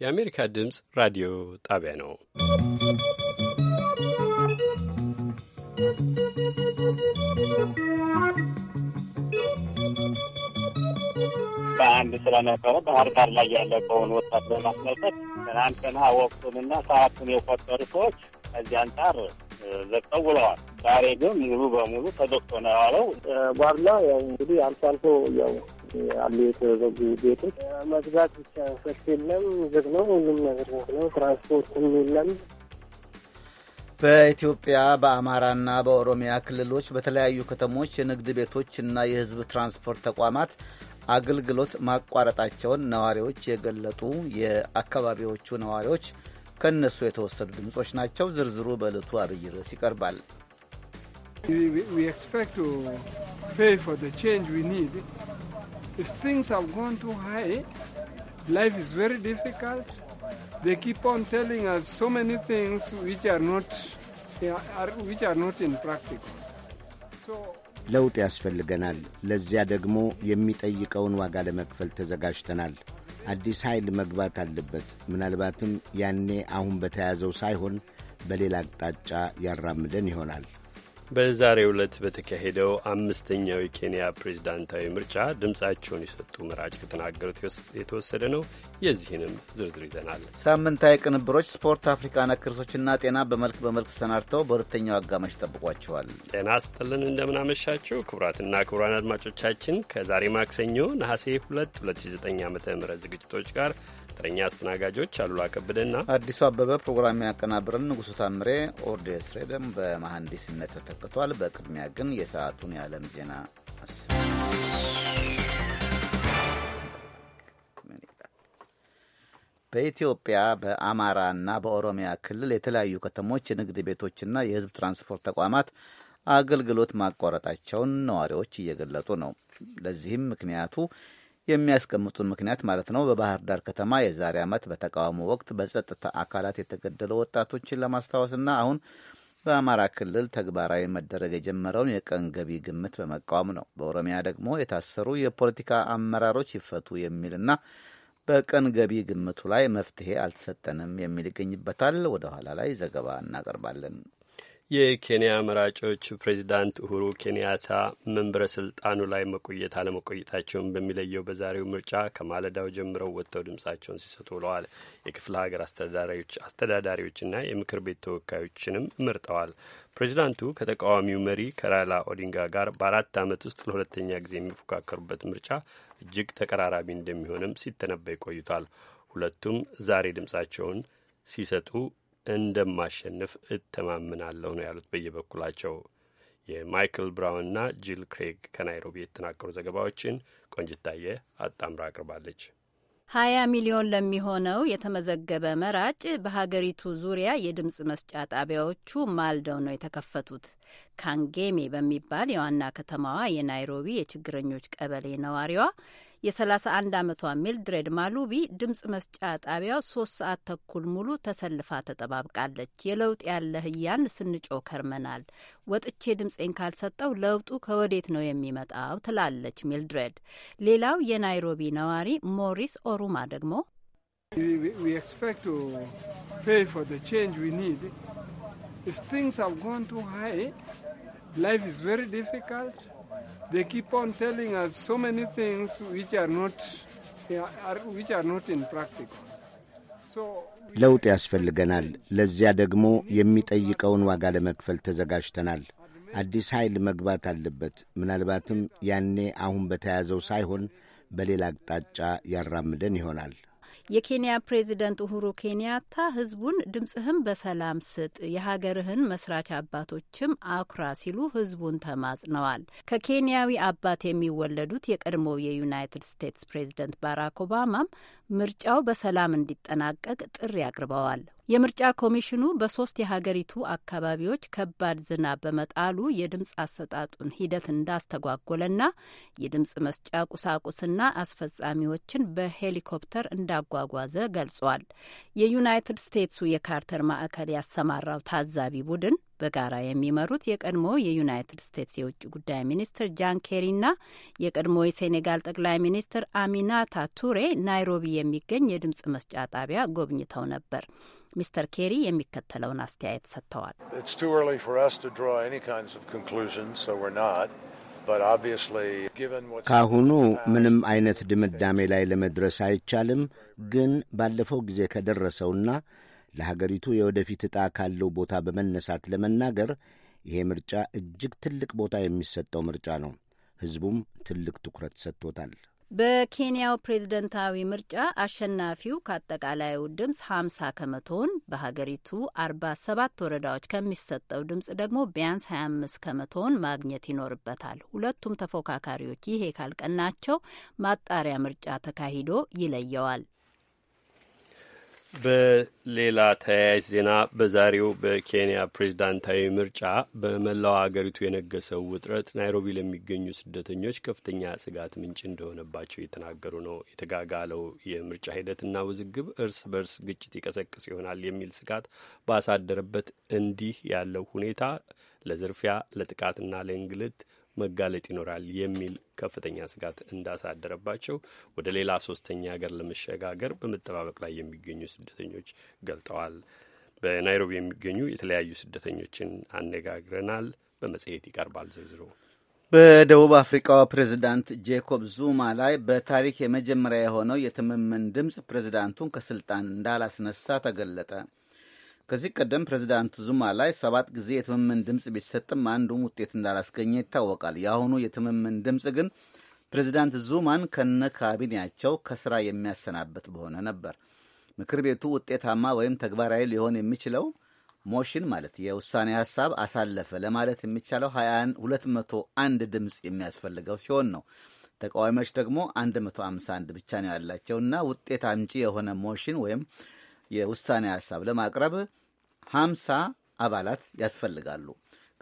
የአሜሪካ ድምፅ ራዲዮ ጣቢያ ነው። በአንድ ስለነበረ ባህር ዳር ላይ ያለቀውን ወጣት በማስመልከት ትናንትና ወቅቱንና ሰዓቱን የቆጠሩ ሰዎች ከዚህ አንጻር ዘግተው ውለዋል። ዛሬ ግን ሙሉ በሙሉ ተዘግቶ ነው ያለው። ጓድላ ያው እንግዲህ አልፎ አልፎ ያው አሉ የተዘጉ ቤቶች። መግዛት ብቻ ፈት የለም ዝግ ነው። ሁሉም ነገር ዝግ ነው። ትራንስፖርትም የለም። በኢትዮጵያ በአማራና በኦሮሚያ ክልሎች በተለያዩ ከተሞች የንግድ ቤቶችና የሕዝብ ትራንስፖርት ተቋማት አገልግሎት ማቋረጣቸውን ነዋሪዎች የገለጡ የአካባቢዎቹ ነዋሪዎች ከእነሱ የተወሰዱ ድምፆች ናቸው። ዝርዝሩ በዕለቱ አብይ ርዕስ ይቀርባል። As things have gone too high. Life is very difficult. They keep on telling us so many things which are not, which are not in impractical. So ለውጥ ያስፈልገናል። ለዚያ ደግሞ የሚጠይቀውን ዋጋ ለመክፈል ተዘጋጅተናል። አዲስ ኃይል መግባት አለበት። ምናልባትም ያኔ አሁን በተያዘው ሳይሆን በሌላ አቅጣጫ ያራምደን ይሆናል። በዛሬ ዕለት በተካሄደው አምስተኛው የኬንያ ፕሬዝዳንታዊ ምርጫ ድምፃቸውን የሰጡ መራጭ ከተናገሩት የተወሰደ ነው። የዚህንም ዝርዝር ይዘናል። ሳምንታዊ ቅንብሮች፣ ስፖርት፣ አፍሪካ ነክ ርዕሶችና ጤና በመልክ በመልክ ተሰናድተው በሁለተኛው አጋማሽ ጠብቋቸዋል። ጤና ስጥልን፣ እንደምናመሻችው ክቡራትና ክቡራን አድማጮቻችን ከዛሬ ማክሰኞ ነሐሴ 2 2009 ዓ ም ዝግጅቶች ጋር ተረኛ አስተናጋጆች አሉላ ከበደና አዲሱ አበበ፣ ፕሮግራም ያቀናብርን ንጉሱ ታምሬ፣ ኦርዴስ ሬደም በመሐንዲስነት ተተክቷል። በቅድሚያ ግን የሰዓቱን የዓለም ዜና አስ በኢትዮጵያ በአማራና በኦሮሚያ ክልል የተለያዩ ከተሞች የንግድ ቤቶችና የሕዝብ ትራንስፖርት ተቋማት አገልግሎት ማቋረጣቸውን ነዋሪዎች እየገለጡ ነው። ለዚህም ምክንያቱ የሚያስቀምጡን ምክንያት ማለት ነው። በባህር ዳር ከተማ የዛሬ ዓመት በተቃውሞ ወቅት በጸጥታ አካላት የተገደሉ ወጣቶችን ለማስታወስና አሁን በአማራ ክልል ተግባራዊ መደረግ የጀመረውን የቀን ገቢ ግምት በመቃወም ነው። በኦሮሚያ ደግሞ የታሰሩ የፖለቲካ አመራሮች ይፈቱ የሚልና በቀን ገቢ ግምቱ ላይ መፍትሄ አልተሰጠንም የሚል ይገኝበታል። ወደ ኋላ ላይ ዘገባ እናቀርባለን። የኬንያ መራጮች ፕሬዚዳንት ኡሁሩ ኬንያታ መንበረ ስልጣኑ ላይ መቆየት አለመቆየታቸውን በሚለየው በዛሬው ምርጫ ከማለዳው ጀምረው ወጥተው ድምጻቸውን ሲሰጡ ውለዋል። የክፍለ ሀገር አስተዳዳሪዎችና የምክር ቤት ተወካዮችንም መርጠዋል። ፕሬዚዳንቱ ከተቃዋሚው መሪ ከራላ ኦዲንጋ ጋር በአራት ዓመት ውስጥ ለሁለተኛ ጊዜ የሚፎካከሩበት ምርጫ እጅግ ተቀራራቢ እንደሚሆንም ሲተነበይ ቆይቷል። ሁለቱም ዛሬ ድምጻቸውን ሲሰጡ እንደማሸንፍ እተማምናለሁ ነው ያሉት። በየበኩላቸው የማይክል እና ጂል ክሬግ ከናይሮቢ የተናገሩ ዘገባዎችን ቆንጅታየ አጣምራ አቅርባለች። ሀያ ሚሊዮን ለሚሆነው የተመዘገበ መራጭ በሀገሪቱ ዙሪያ የድምፅ መስጫ ጣቢያዎቹ ማልደው ነው የተከፈቱት። ካንጌሜ በሚባል የዋና ከተማዋ የናይሮቢ የችግረኞች ቀበሌ ነዋሪዋ የ31 ዓመቷ ሚልድሬድ ማሉቢ ድምፅ መስጫ ጣቢያው ሶስት ሰዓት ተኩል ሙሉ ተሰልፋ ተጠባብቃለች። የለውጥ ያለ ህያን ስንጮ ከርመናል። ወጥቼ ድምፄን ካልሰጠው ለውጡ ከወዴት ነው የሚመጣው? ትላለች ሚልድሬድ ሌላው የናይሮቢ ነዋሪ ሞሪስ ኦሩማ ደግሞ ላይፍ ኢዝ ቨሪ ዲፊካልት They keep on telling us so many things which are not, eh, which are not in practical. ለውጥ ያስፈልገናል። ለዚያ ደግሞ የሚጠይቀውን ዋጋ ለመክፈል ተዘጋጅተናል። አዲስ ኃይል መግባት አለበት። ምናልባትም ያኔ አሁን በተያዘው ሳይሆን በሌላ አቅጣጫ ያራምደን ይሆናል። የኬንያ ፕሬዚደንት ኡሁሩ ኬንያታ ህዝቡን ድምጽህን በሰላም ስጥ፣ የሀገርህን መስራች አባቶችም አኩራ ሲሉ ህዝቡን ተማጽነዋል። ከኬንያዊ አባት የሚወለዱት የቀድሞው የዩናይትድ ስቴትስ ፕሬዚደንት ባራክ ኦባማም ምርጫው በሰላም እንዲጠናቀቅ ጥሪ አቅርበዋል። የምርጫ ኮሚሽኑ በሶስት የሀገሪቱ አካባቢዎች ከባድ ዝናብ በመጣሉ የድምፅ አሰጣጡን ሂደት እንዳስተጓጎለና የድምፅ መስጫ ቁሳቁስና አስፈጻሚዎችን በሄሊኮፕተር እንዳጓጓዘ ገልጿል። የዩናይትድ ስቴትሱ የካርተር ማዕከል ያሰማራው ታዛቢ ቡድን በጋራ የሚመሩት የቀድሞ የዩናይትድ ስቴትስ የውጭ ጉዳይ ሚኒስትር ጃን ኬሪና የቀድሞ የሴኔጋል ጠቅላይ ሚኒስትር አሚናታ ቱሬ ናይሮቢ የሚገኝ የድምፅ መስጫ ጣቢያ ጎብኝተው ነበር። ሚስተር ኬሪ የሚከተለውን አስተያየት ሰጥተዋል። ከአሁኑ ምንም አይነት ድምዳሜ ላይ ለመድረስ አይቻልም። ግን ባለፈው ጊዜ ከደረሰውና ለሀገሪቱ የወደፊት ዕጣ ካለው ቦታ በመነሳት ለመናገር ይሄ ምርጫ እጅግ ትልቅ ቦታ የሚሰጠው ምርጫ ነው። ሕዝቡም ትልቅ ትኩረት ሰጥቶታል። በኬንያው ፕሬዝደንታዊ ምርጫ አሸናፊው ከአጠቃላዩ ድምፅ 50 ከመቶውን በሀገሪቱ 47 ወረዳዎች ከሚሰጠው ድምፅ ደግሞ ቢያንስ 25 ከመቶውን ማግኘት ይኖርበታል። ሁለቱም ተፎካካሪዎች ይሄ ካልቀናቸው ማጣሪያ ምርጫ ተካሂዶ ይለየዋል። በሌላ ተያያዥ ዜና በዛሬው በኬንያ ፕሬዝዳንታዊ ምርጫ በመላው አገሪቱ የነገሰው ውጥረት ናይሮቢ ለሚገኙ ስደተኞች ከፍተኛ ስጋት ምንጭ እንደሆነባቸው የተናገሩ ነው። የተጋጋለው የምርጫ ሂደትና ውዝግብ እርስ በርስ ግጭት ይቀሰቅስ ይሆናል የሚል ስጋት ባሳደረበት እንዲህ ያለው ሁኔታ ለዝርፊያ፣ ለጥቃትና ለእንግልት መጋለጥ ይኖራል የሚል ከፍተኛ ስጋት እንዳሳደረባቸው ወደ ሌላ ሶስተኛ ሀገር ለመሸጋገር በመጠባበቅ ላይ የሚገኙ ስደተኞች ገልጠዋል። በናይሮቢ የሚገኙ የተለያዩ ስደተኞችን አነጋግረናል። በመጽሔት ይቀርባል ዝርዝሩ። በደቡብ አፍሪካው ፕሬዝዳንት ጄኮብ ዙማ ላይ በታሪክ የመጀመሪያ የሆነው የትምምን ድምፅ ፕሬዝዳንቱን ከስልጣን እንዳላስነሳ ተገለጠ። ከዚህ ቀደም ፕሬዚዳንት ዙማ ላይ ሰባት ጊዜ የትምምን ድምፅ ቢሰጥም አንዱም ውጤት እንዳላስገኘ ይታወቃል። የአሁኑ የትምምን ድምፅ ግን ፕሬዚዳንት ዙማን ከነ ካቢኔያቸው ከስራ የሚያሰናበት በሆነ ነበር። ምክር ቤቱ ውጤታማ ወይም ተግባራዊ ሊሆን የሚችለው ሞሽን ማለት የውሳኔ ሀሳብ አሳለፈ ለማለት የሚቻለው 201 ድምፅ የሚያስፈልገው ሲሆን ነው። ተቃዋሚዎች ደግሞ 151 ብቻ ነው ያላቸውና ውጤት አምጪ የሆነ ሞሽን ወይም የውሳኔ ሀሳብ ለማቅረብ ሀምሳ አባላት ያስፈልጋሉ።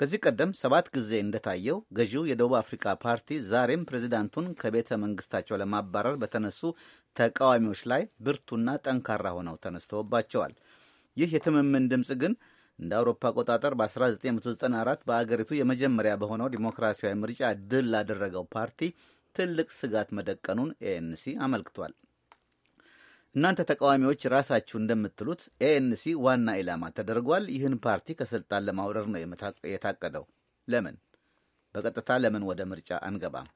ከዚህ ቀደም ሰባት ጊዜ እንደታየው ገዢው የደቡብ አፍሪካ ፓርቲ ዛሬም ፕሬዚዳንቱን ከቤተ መንግስታቸው ለማባረር በተነሱ ተቃዋሚዎች ላይ ብርቱና ጠንካራ ሆነው ተነስተውባቸዋል። ይህ የትምምን ድምፅ ግን እንደ አውሮፓ አቆጣጠር በ1994 በአገሪቱ የመጀመሪያ በሆነው ዲሞክራሲያዊ ምርጫ ድል ላደረገው ፓርቲ ትልቅ ስጋት መደቀኑን ኤኤንሲ አመልክቷል። እናንተ ተቃዋሚዎች ራሳችሁ እንደምትሉት ኤኤንሲ ዋና ኢላማ ተደርጓል። ይህን ፓርቲ ከስልጣን ለማውረር ነው የታቀደው። ለምን በቀጥታ ለምን ወደ ምርጫ አንገባም?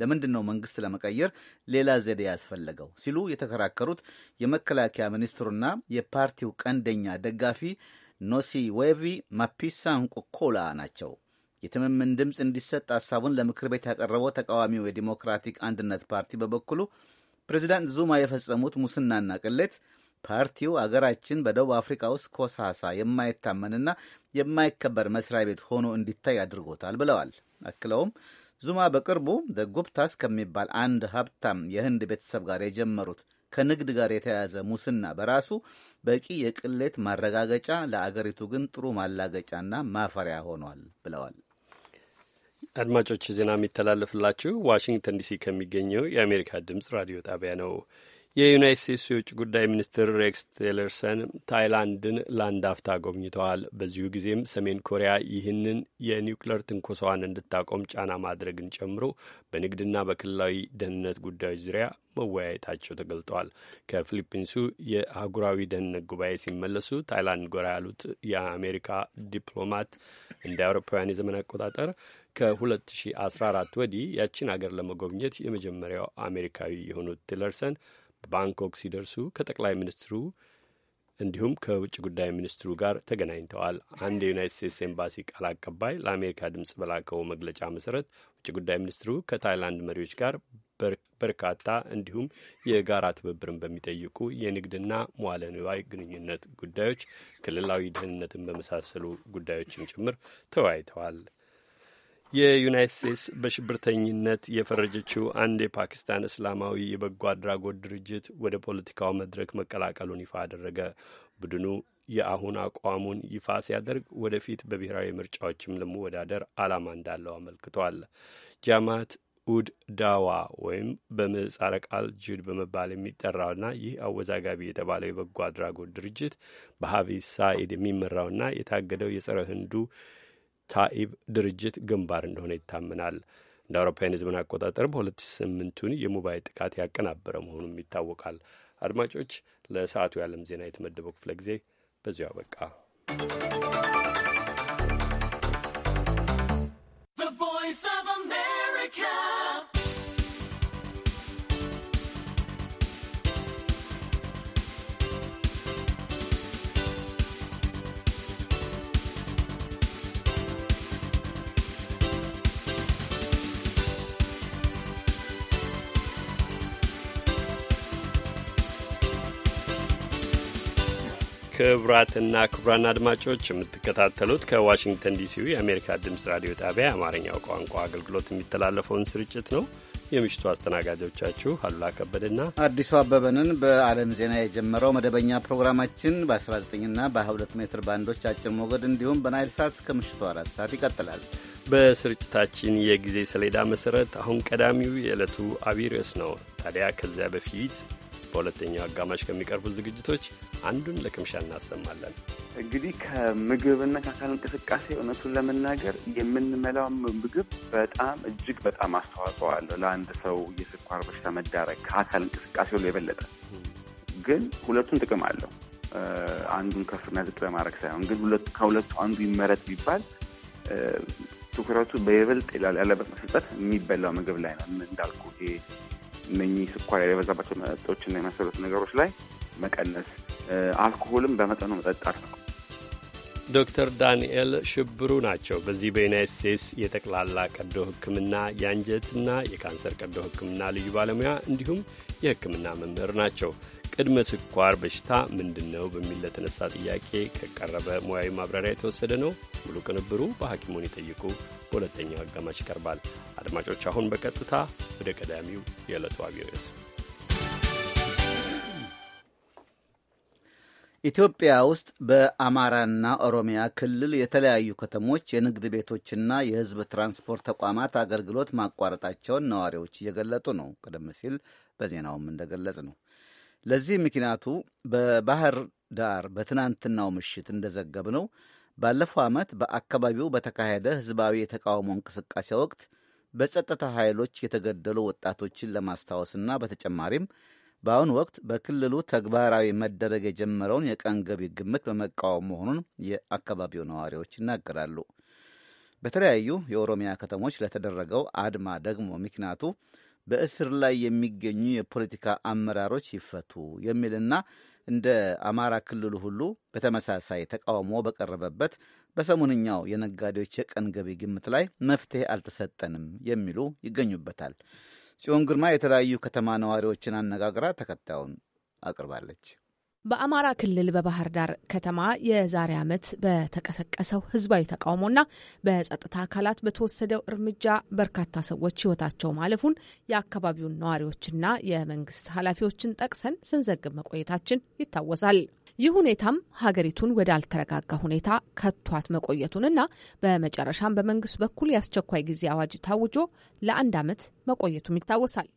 ለምንድን ነው መንግስት ለመቀየር ሌላ ዘዴ ያስፈለገው? ሲሉ የተከራከሩት የመከላከያ ሚኒስትሩና የፓርቲው ቀንደኛ ደጋፊ ኖሲዌቪ ማፒሳንኮኮላ ናቸው። የትምምን ድምፅ እንዲሰጥ ሀሳቡን ለምክር ቤት ያቀረበው ተቃዋሚው የዲሞክራቲክ አንድነት ፓርቲ በበኩሉ ፕሬዚዳንት ዙማ የፈጸሙት ሙስናና ቅሌት ፓርቲው አገራችን በደቡብ አፍሪካ ውስጥ ኮሳሳ የማይታመንና የማይከበር መስሪያ ቤት ሆኖ እንዲታይ አድርጎታል ብለዋል። አክለውም ዙማ በቅርቡ ጉፕታስ ከሚባል አንድ ሀብታም የህንድ ቤተሰብ ጋር የጀመሩት ከንግድ ጋር የተያያዘ ሙስና በራሱ በቂ የቅሌት ማረጋገጫ፣ ለአገሪቱ ግን ጥሩ ማላገጫና ማፈሪያ ሆኗል ብለዋል። አድማጮች ዜና የሚተላለፍላችሁ ዋሽንግተን ዲሲ ከሚገኘው የአሜሪካ ድምጽ ራዲዮ ጣቢያ ነው። የዩናይት ስቴትስ የውጭ ጉዳይ ሚኒስትር ሬክስ ቴለርሰን ታይላንድን ለአንድ አፍታ ጎብኝተዋል። በዚሁ ጊዜም ሰሜን ኮሪያ ይህንን የኒውክሌር ትንኮሳዋን እንድታቆም ጫና ማድረግን ጨምሮ በንግድና በክልላዊ ደህንነት ጉዳዮች ዙሪያ መወያየታቸው ተገልጧል። ከፊሊፒንሱ የአህጉራዊ ደህንነት ጉባኤ ሲመለሱ ታይላንድ ጎራ ያሉት የአሜሪካ ዲፕሎማት እንደ አውሮፓውያን የዘመን አቆጣጠር ከ2014 ወዲህ ያችን አገር ለመጎብኘት የመጀመሪያው አሜሪካዊ የሆኑት ቲለርሰን ባንኮክ ሲደርሱ ከጠቅላይ ሚኒስትሩ እንዲሁም ከውጭ ጉዳይ ሚኒስትሩ ጋር ተገናኝተዋል። አንድ የዩናይት ስቴትስ ኤምባሲ ቃል አቀባይ ለአሜሪካ ድምጽ በላከው መግለጫ መሰረት ውጭ ጉዳይ ሚኒስትሩ ከታይላንድ መሪዎች ጋር በርካታ እንዲሁም የጋራ ትብብርን በሚጠይቁ የንግድና መዋለ ንዋይ ግንኙነት ጉዳዮች፣ ክልላዊ ደህንነትን በመሳሰሉ ጉዳዮችም ጭምር ተወያይተዋል። የዩናይት ስቴትስ በሽብርተኝነት የፈረጀችው አንድ የፓኪስታን እስላማዊ የበጎ አድራጎት ድርጅት ወደ ፖለቲካው መድረክ መቀላቀሉን ይፋ አደረገ። ቡድኑ የአሁን አቋሙን ይፋ ሲያደርግ ወደፊት በብሔራዊ ምርጫዎችም ለመወዳደር ዓላማ እንዳለው አመልክቷል። ጃማት ኡድ ዳዋ ወይም በምህጻረ ቃል ጅድ በመባል የሚጠራውና ይህ አወዛጋቢ የተባለው የበጎ አድራጎት ድርጅት በሀፊዝ ሳኢድ የሚመራውና የታገደው የጸረ ህንዱ ታኢብ ድርጅት ግንባር እንደሆነ ይታመናል። እንደ አውሮፓውያን ህዝብን አቆጣጠር በ2008ቱን የሞባይል ጥቃት ያቀናበረ መሆኑም ይታወቃል። አድማጮች፣ ለሰዓቱ የዓለም ዜና የተመደበው ክፍለ ጊዜ በዚያው አበቃ። ክቡራትና ክቡራን አድማጮች የምትከታተሉት ከዋሽንግተን ዲሲ የአሜሪካ ድምፅ ራዲዮ ጣቢያ የአማርኛው ቋንቋ አገልግሎት የሚተላለፈውን ስርጭት ነው። የምሽቱ አስተናጋጆቻችሁ አሉላ ከበደና አዲሱ አበበንን በዓለም ዜና የጀመረው መደበኛ ፕሮግራማችን በ19ና በ22 ሜትር ባንዶች አጭር ሞገድ እንዲሁም በናይል ሳት እስከ ምሽቱ አራት ሰዓት ይቀጥላል። በስርጭታችን የጊዜ ሰሌዳ መሰረት አሁን ቀዳሚው የዕለቱ አቢይ ርዕስ ነው። ታዲያ ከዚያ በፊት በሁለተኛው አጋማሽ ከሚቀርቡት ዝግጅቶች አንዱን ለቅምሻ እናሰማለን። እንግዲህ ከምግብና ከአካል እንቅስቃሴ እውነቱን ለመናገር የምንመላው ምግብ በጣም እጅግ በጣም አስተዋጽኦ አለው ለአንድ ሰው የስኳር በሽታ መዳረግ ከአካል እንቅስቃሴ ሁሉ የበለጠ ግን ሁለቱን ጥቅም አለው። አንዱን ከፍና ዝቅ ለማድረግ ሳይሆን ግን ከሁለቱ አንዱ ይመረጥ ቢባል ትኩረቱ በይበልጥ ያለበት መሰጠት የሚበላው ምግብ ላይ ነው። እንዳልኩ ይሄ እነኚህ ስኳር የበዛባቸው እና የመሰሉት ነገሮች ላይ መቀነስ፣ አልኮሆልም በመጠኑ መጠጣት ነው። ዶክተር ዳንኤል ሽብሩ ናቸው። በዚህ በዩናይት ስቴትስ የጠቅላላ ቀዶ ሕክምና የአንጀትና የካንሰር ቀዶ ሕክምና ልዩ ባለሙያ እንዲሁም የሕክምና መምህር ናቸው። ቅድመ ስኳር በሽታ ምንድን ነው በሚል ለተነሳ ጥያቄ ከቀረበ ሙያዊ ማብራሪያ የተወሰደ ነው። ሙሉ ቅንብሩ በሐኪሙን ይጠይቁ በሁለተኛው አጋማሽ ይቀርባል። አድማጮች፣ አሁን በቀጥታ ወደ ቀዳሚው የዕለቱ አብዮስ ኢትዮጵያ ውስጥ በአማራና ኦሮሚያ ክልል የተለያዩ ከተሞች የንግድ ቤቶችና የሕዝብ ትራንስፖርት ተቋማት አገልግሎት ማቋረጣቸውን ነዋሪዎች እየገለጡ ነው። ቀደም ሲል በዜናውም እንደገለጽ ነው ለዚህ ምክንያቱ በባህር ዳር በትናንትናው ምሽት እንደዘገብ ነው ባለፈው ዓመት በአካባቢው በተካሄደ ህዝባዊ የተቃውሞ እንቅስቃሴ ወቅት በጸጥታ ኃይሎች የተገደሉ ወጣቶችን ለማስታወስና በተጨማሪም በአሁኑ ወቅት በክልሉ ተግባራዊ መደረግ የጀመረውን የቀን ገቢ ግምት በመቃወም መሆኑን የአካባቢው ነዋሪዎች ይናገራሉ። በተለያዩ የኦሮሚያ ከተሞች ለተደረገው አድማ ደግሞ ምክንያቱ በእስር ላይ የሚገኙ የፖለቲካ አመራሮች ይፈቱ የሚልና እንደ አማራ ክልሉ ሁሉ በተመሳሳይ ተቃውሞ በቀረበበት በሰሞንኛው የነጋዴዎች የቀን ገቢ ግምት ላይ መፍትሄ አልተሰጠንም የሚሉ ይገኙበታል። ጽዮን ግርማ የተለያዩ ከተማ ነዋሪዎችን አነጋግራ ተከታዩን አቅርባለች። በአማራ ክልል በባህር ዳር ከተማ የዛሬ ዓመት በተቀሰቀሰው ህዝባዊ ተቃውሞና በጸጥታ አካላት በተወሰደው እርምጃ በርካታ ሰዎች ህይወታቸው ማለፉን የአካባቢውን ነዋሪዎችና የመንግስት ኃላፊዎችን ጠቅሰን ስንዘግብ መቆየታችን ይታወሳል። ይህ ሁኔታም ሀገሪቱን ወደ አልተረጋጋ ሁኔታ ከቷት መቆየቱንና በመጨረሻም በመንግስት በኩል የአስቸኳይ ጊዜ አዋጅ ታውጆ ለአንድ ዓመት መቆየቱም ይታወሳል።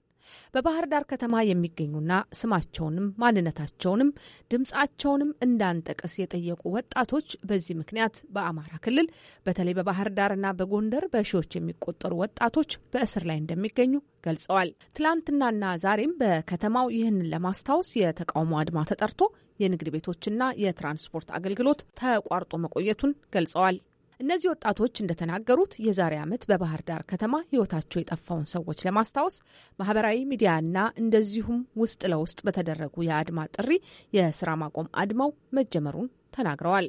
በባህር ዳር ከተማ የሚገኙና ስማቸውንም ማንነታቸውንም ድምፃቸውንም እንዳንጠቅስ የጠየቁ ወጣቶች በዚህ ምክንያት በአማራ ክልል በተለይ በባህር ዳርና በጎንደር በሺዎች የሚቆጠሩ ወጣቶች በእስር ላይ እንደሚገኙ ገልጸዋል። ትላንትናና ዛሬም በከተማው ይህንን ለማስታወስ የተቃውሞ አድማ ተጠርቶ የንግድ ቤቶችና የትራንስፖርት አገልግሎት ተቋርጦ መቆየቱን ገልጸዋል። እነዚህ ወጣቶች እንደተናገሩት የዛሬ ዓመት በባህር ዳር ከተማ ሕይወታቸው የጠፋውን ሰዎች ለማስታወስ ማህበራዊ ሚዲያና እንደዚሁም ውስጥ ለውስጥ በተደረጉ የአድማ ጥሪ የስራ ማቆም አድማው መጀመሩን ተናግረዋል።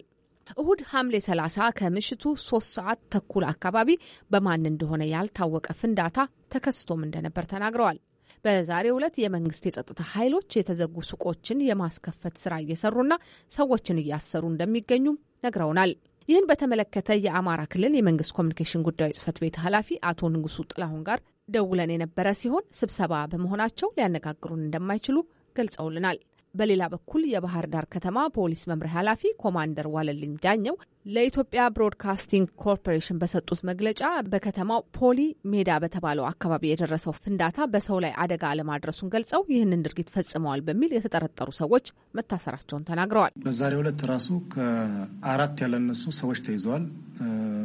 እሁድ ሐምሌ 30 ከምሽቱ 3 ሰዓት ተኩል አካባቢ በማን እንደሆነ ያልታወቀ ፍንዳታ ተከስቶም እንደነበር ተናግረዋል። በዛሬ ዕለት የመንግስት የጸጥታ ኃይሎች የተዘጉ ሱቆችን የማስከፈት ስራ እየሰሩና ሰዎችን እያሰሩ እንደሚገኙም ነግረውናል። ይህን በተመለከተ የአማራ ክልል የመንግስት ኮሚኒኬሽን ጉዳዮች ጽህፈት ቤት ኃላፊ አቶ ንጉሱ ጥላሁን ጋር ደውለን የነበረ ሲሆን ስብሰባ በመሆናቸው ሊያነጋግሩን እንደማይችሉ ገልጸውልናል። በሌላ በኩል የባህር ዳር ከተማ ፖሊስ መምሪያ ኃላፊ ኮማንደር ዋለልኝ ዳኘው ለኢትዮጵያ ብሮድካስቲንግ ኮርፖሬሽን በሰጡት መግለጫ በከተማው ፖሊ ሜዳ በተባለው አካባቢ የደረሰው ፍንዳታ በሰው ላይ አደጋ አለማድረሱን ገልጸው ይህንን ድርጊት ፈጽመዋል በሚል የተጠረጠሩ ሰዎች መታሰራቸውን ተናግረዋል። በዛሬው ዕለት ራሱ ከአራት ያላነሱ ሰዎች ተይዘዋል።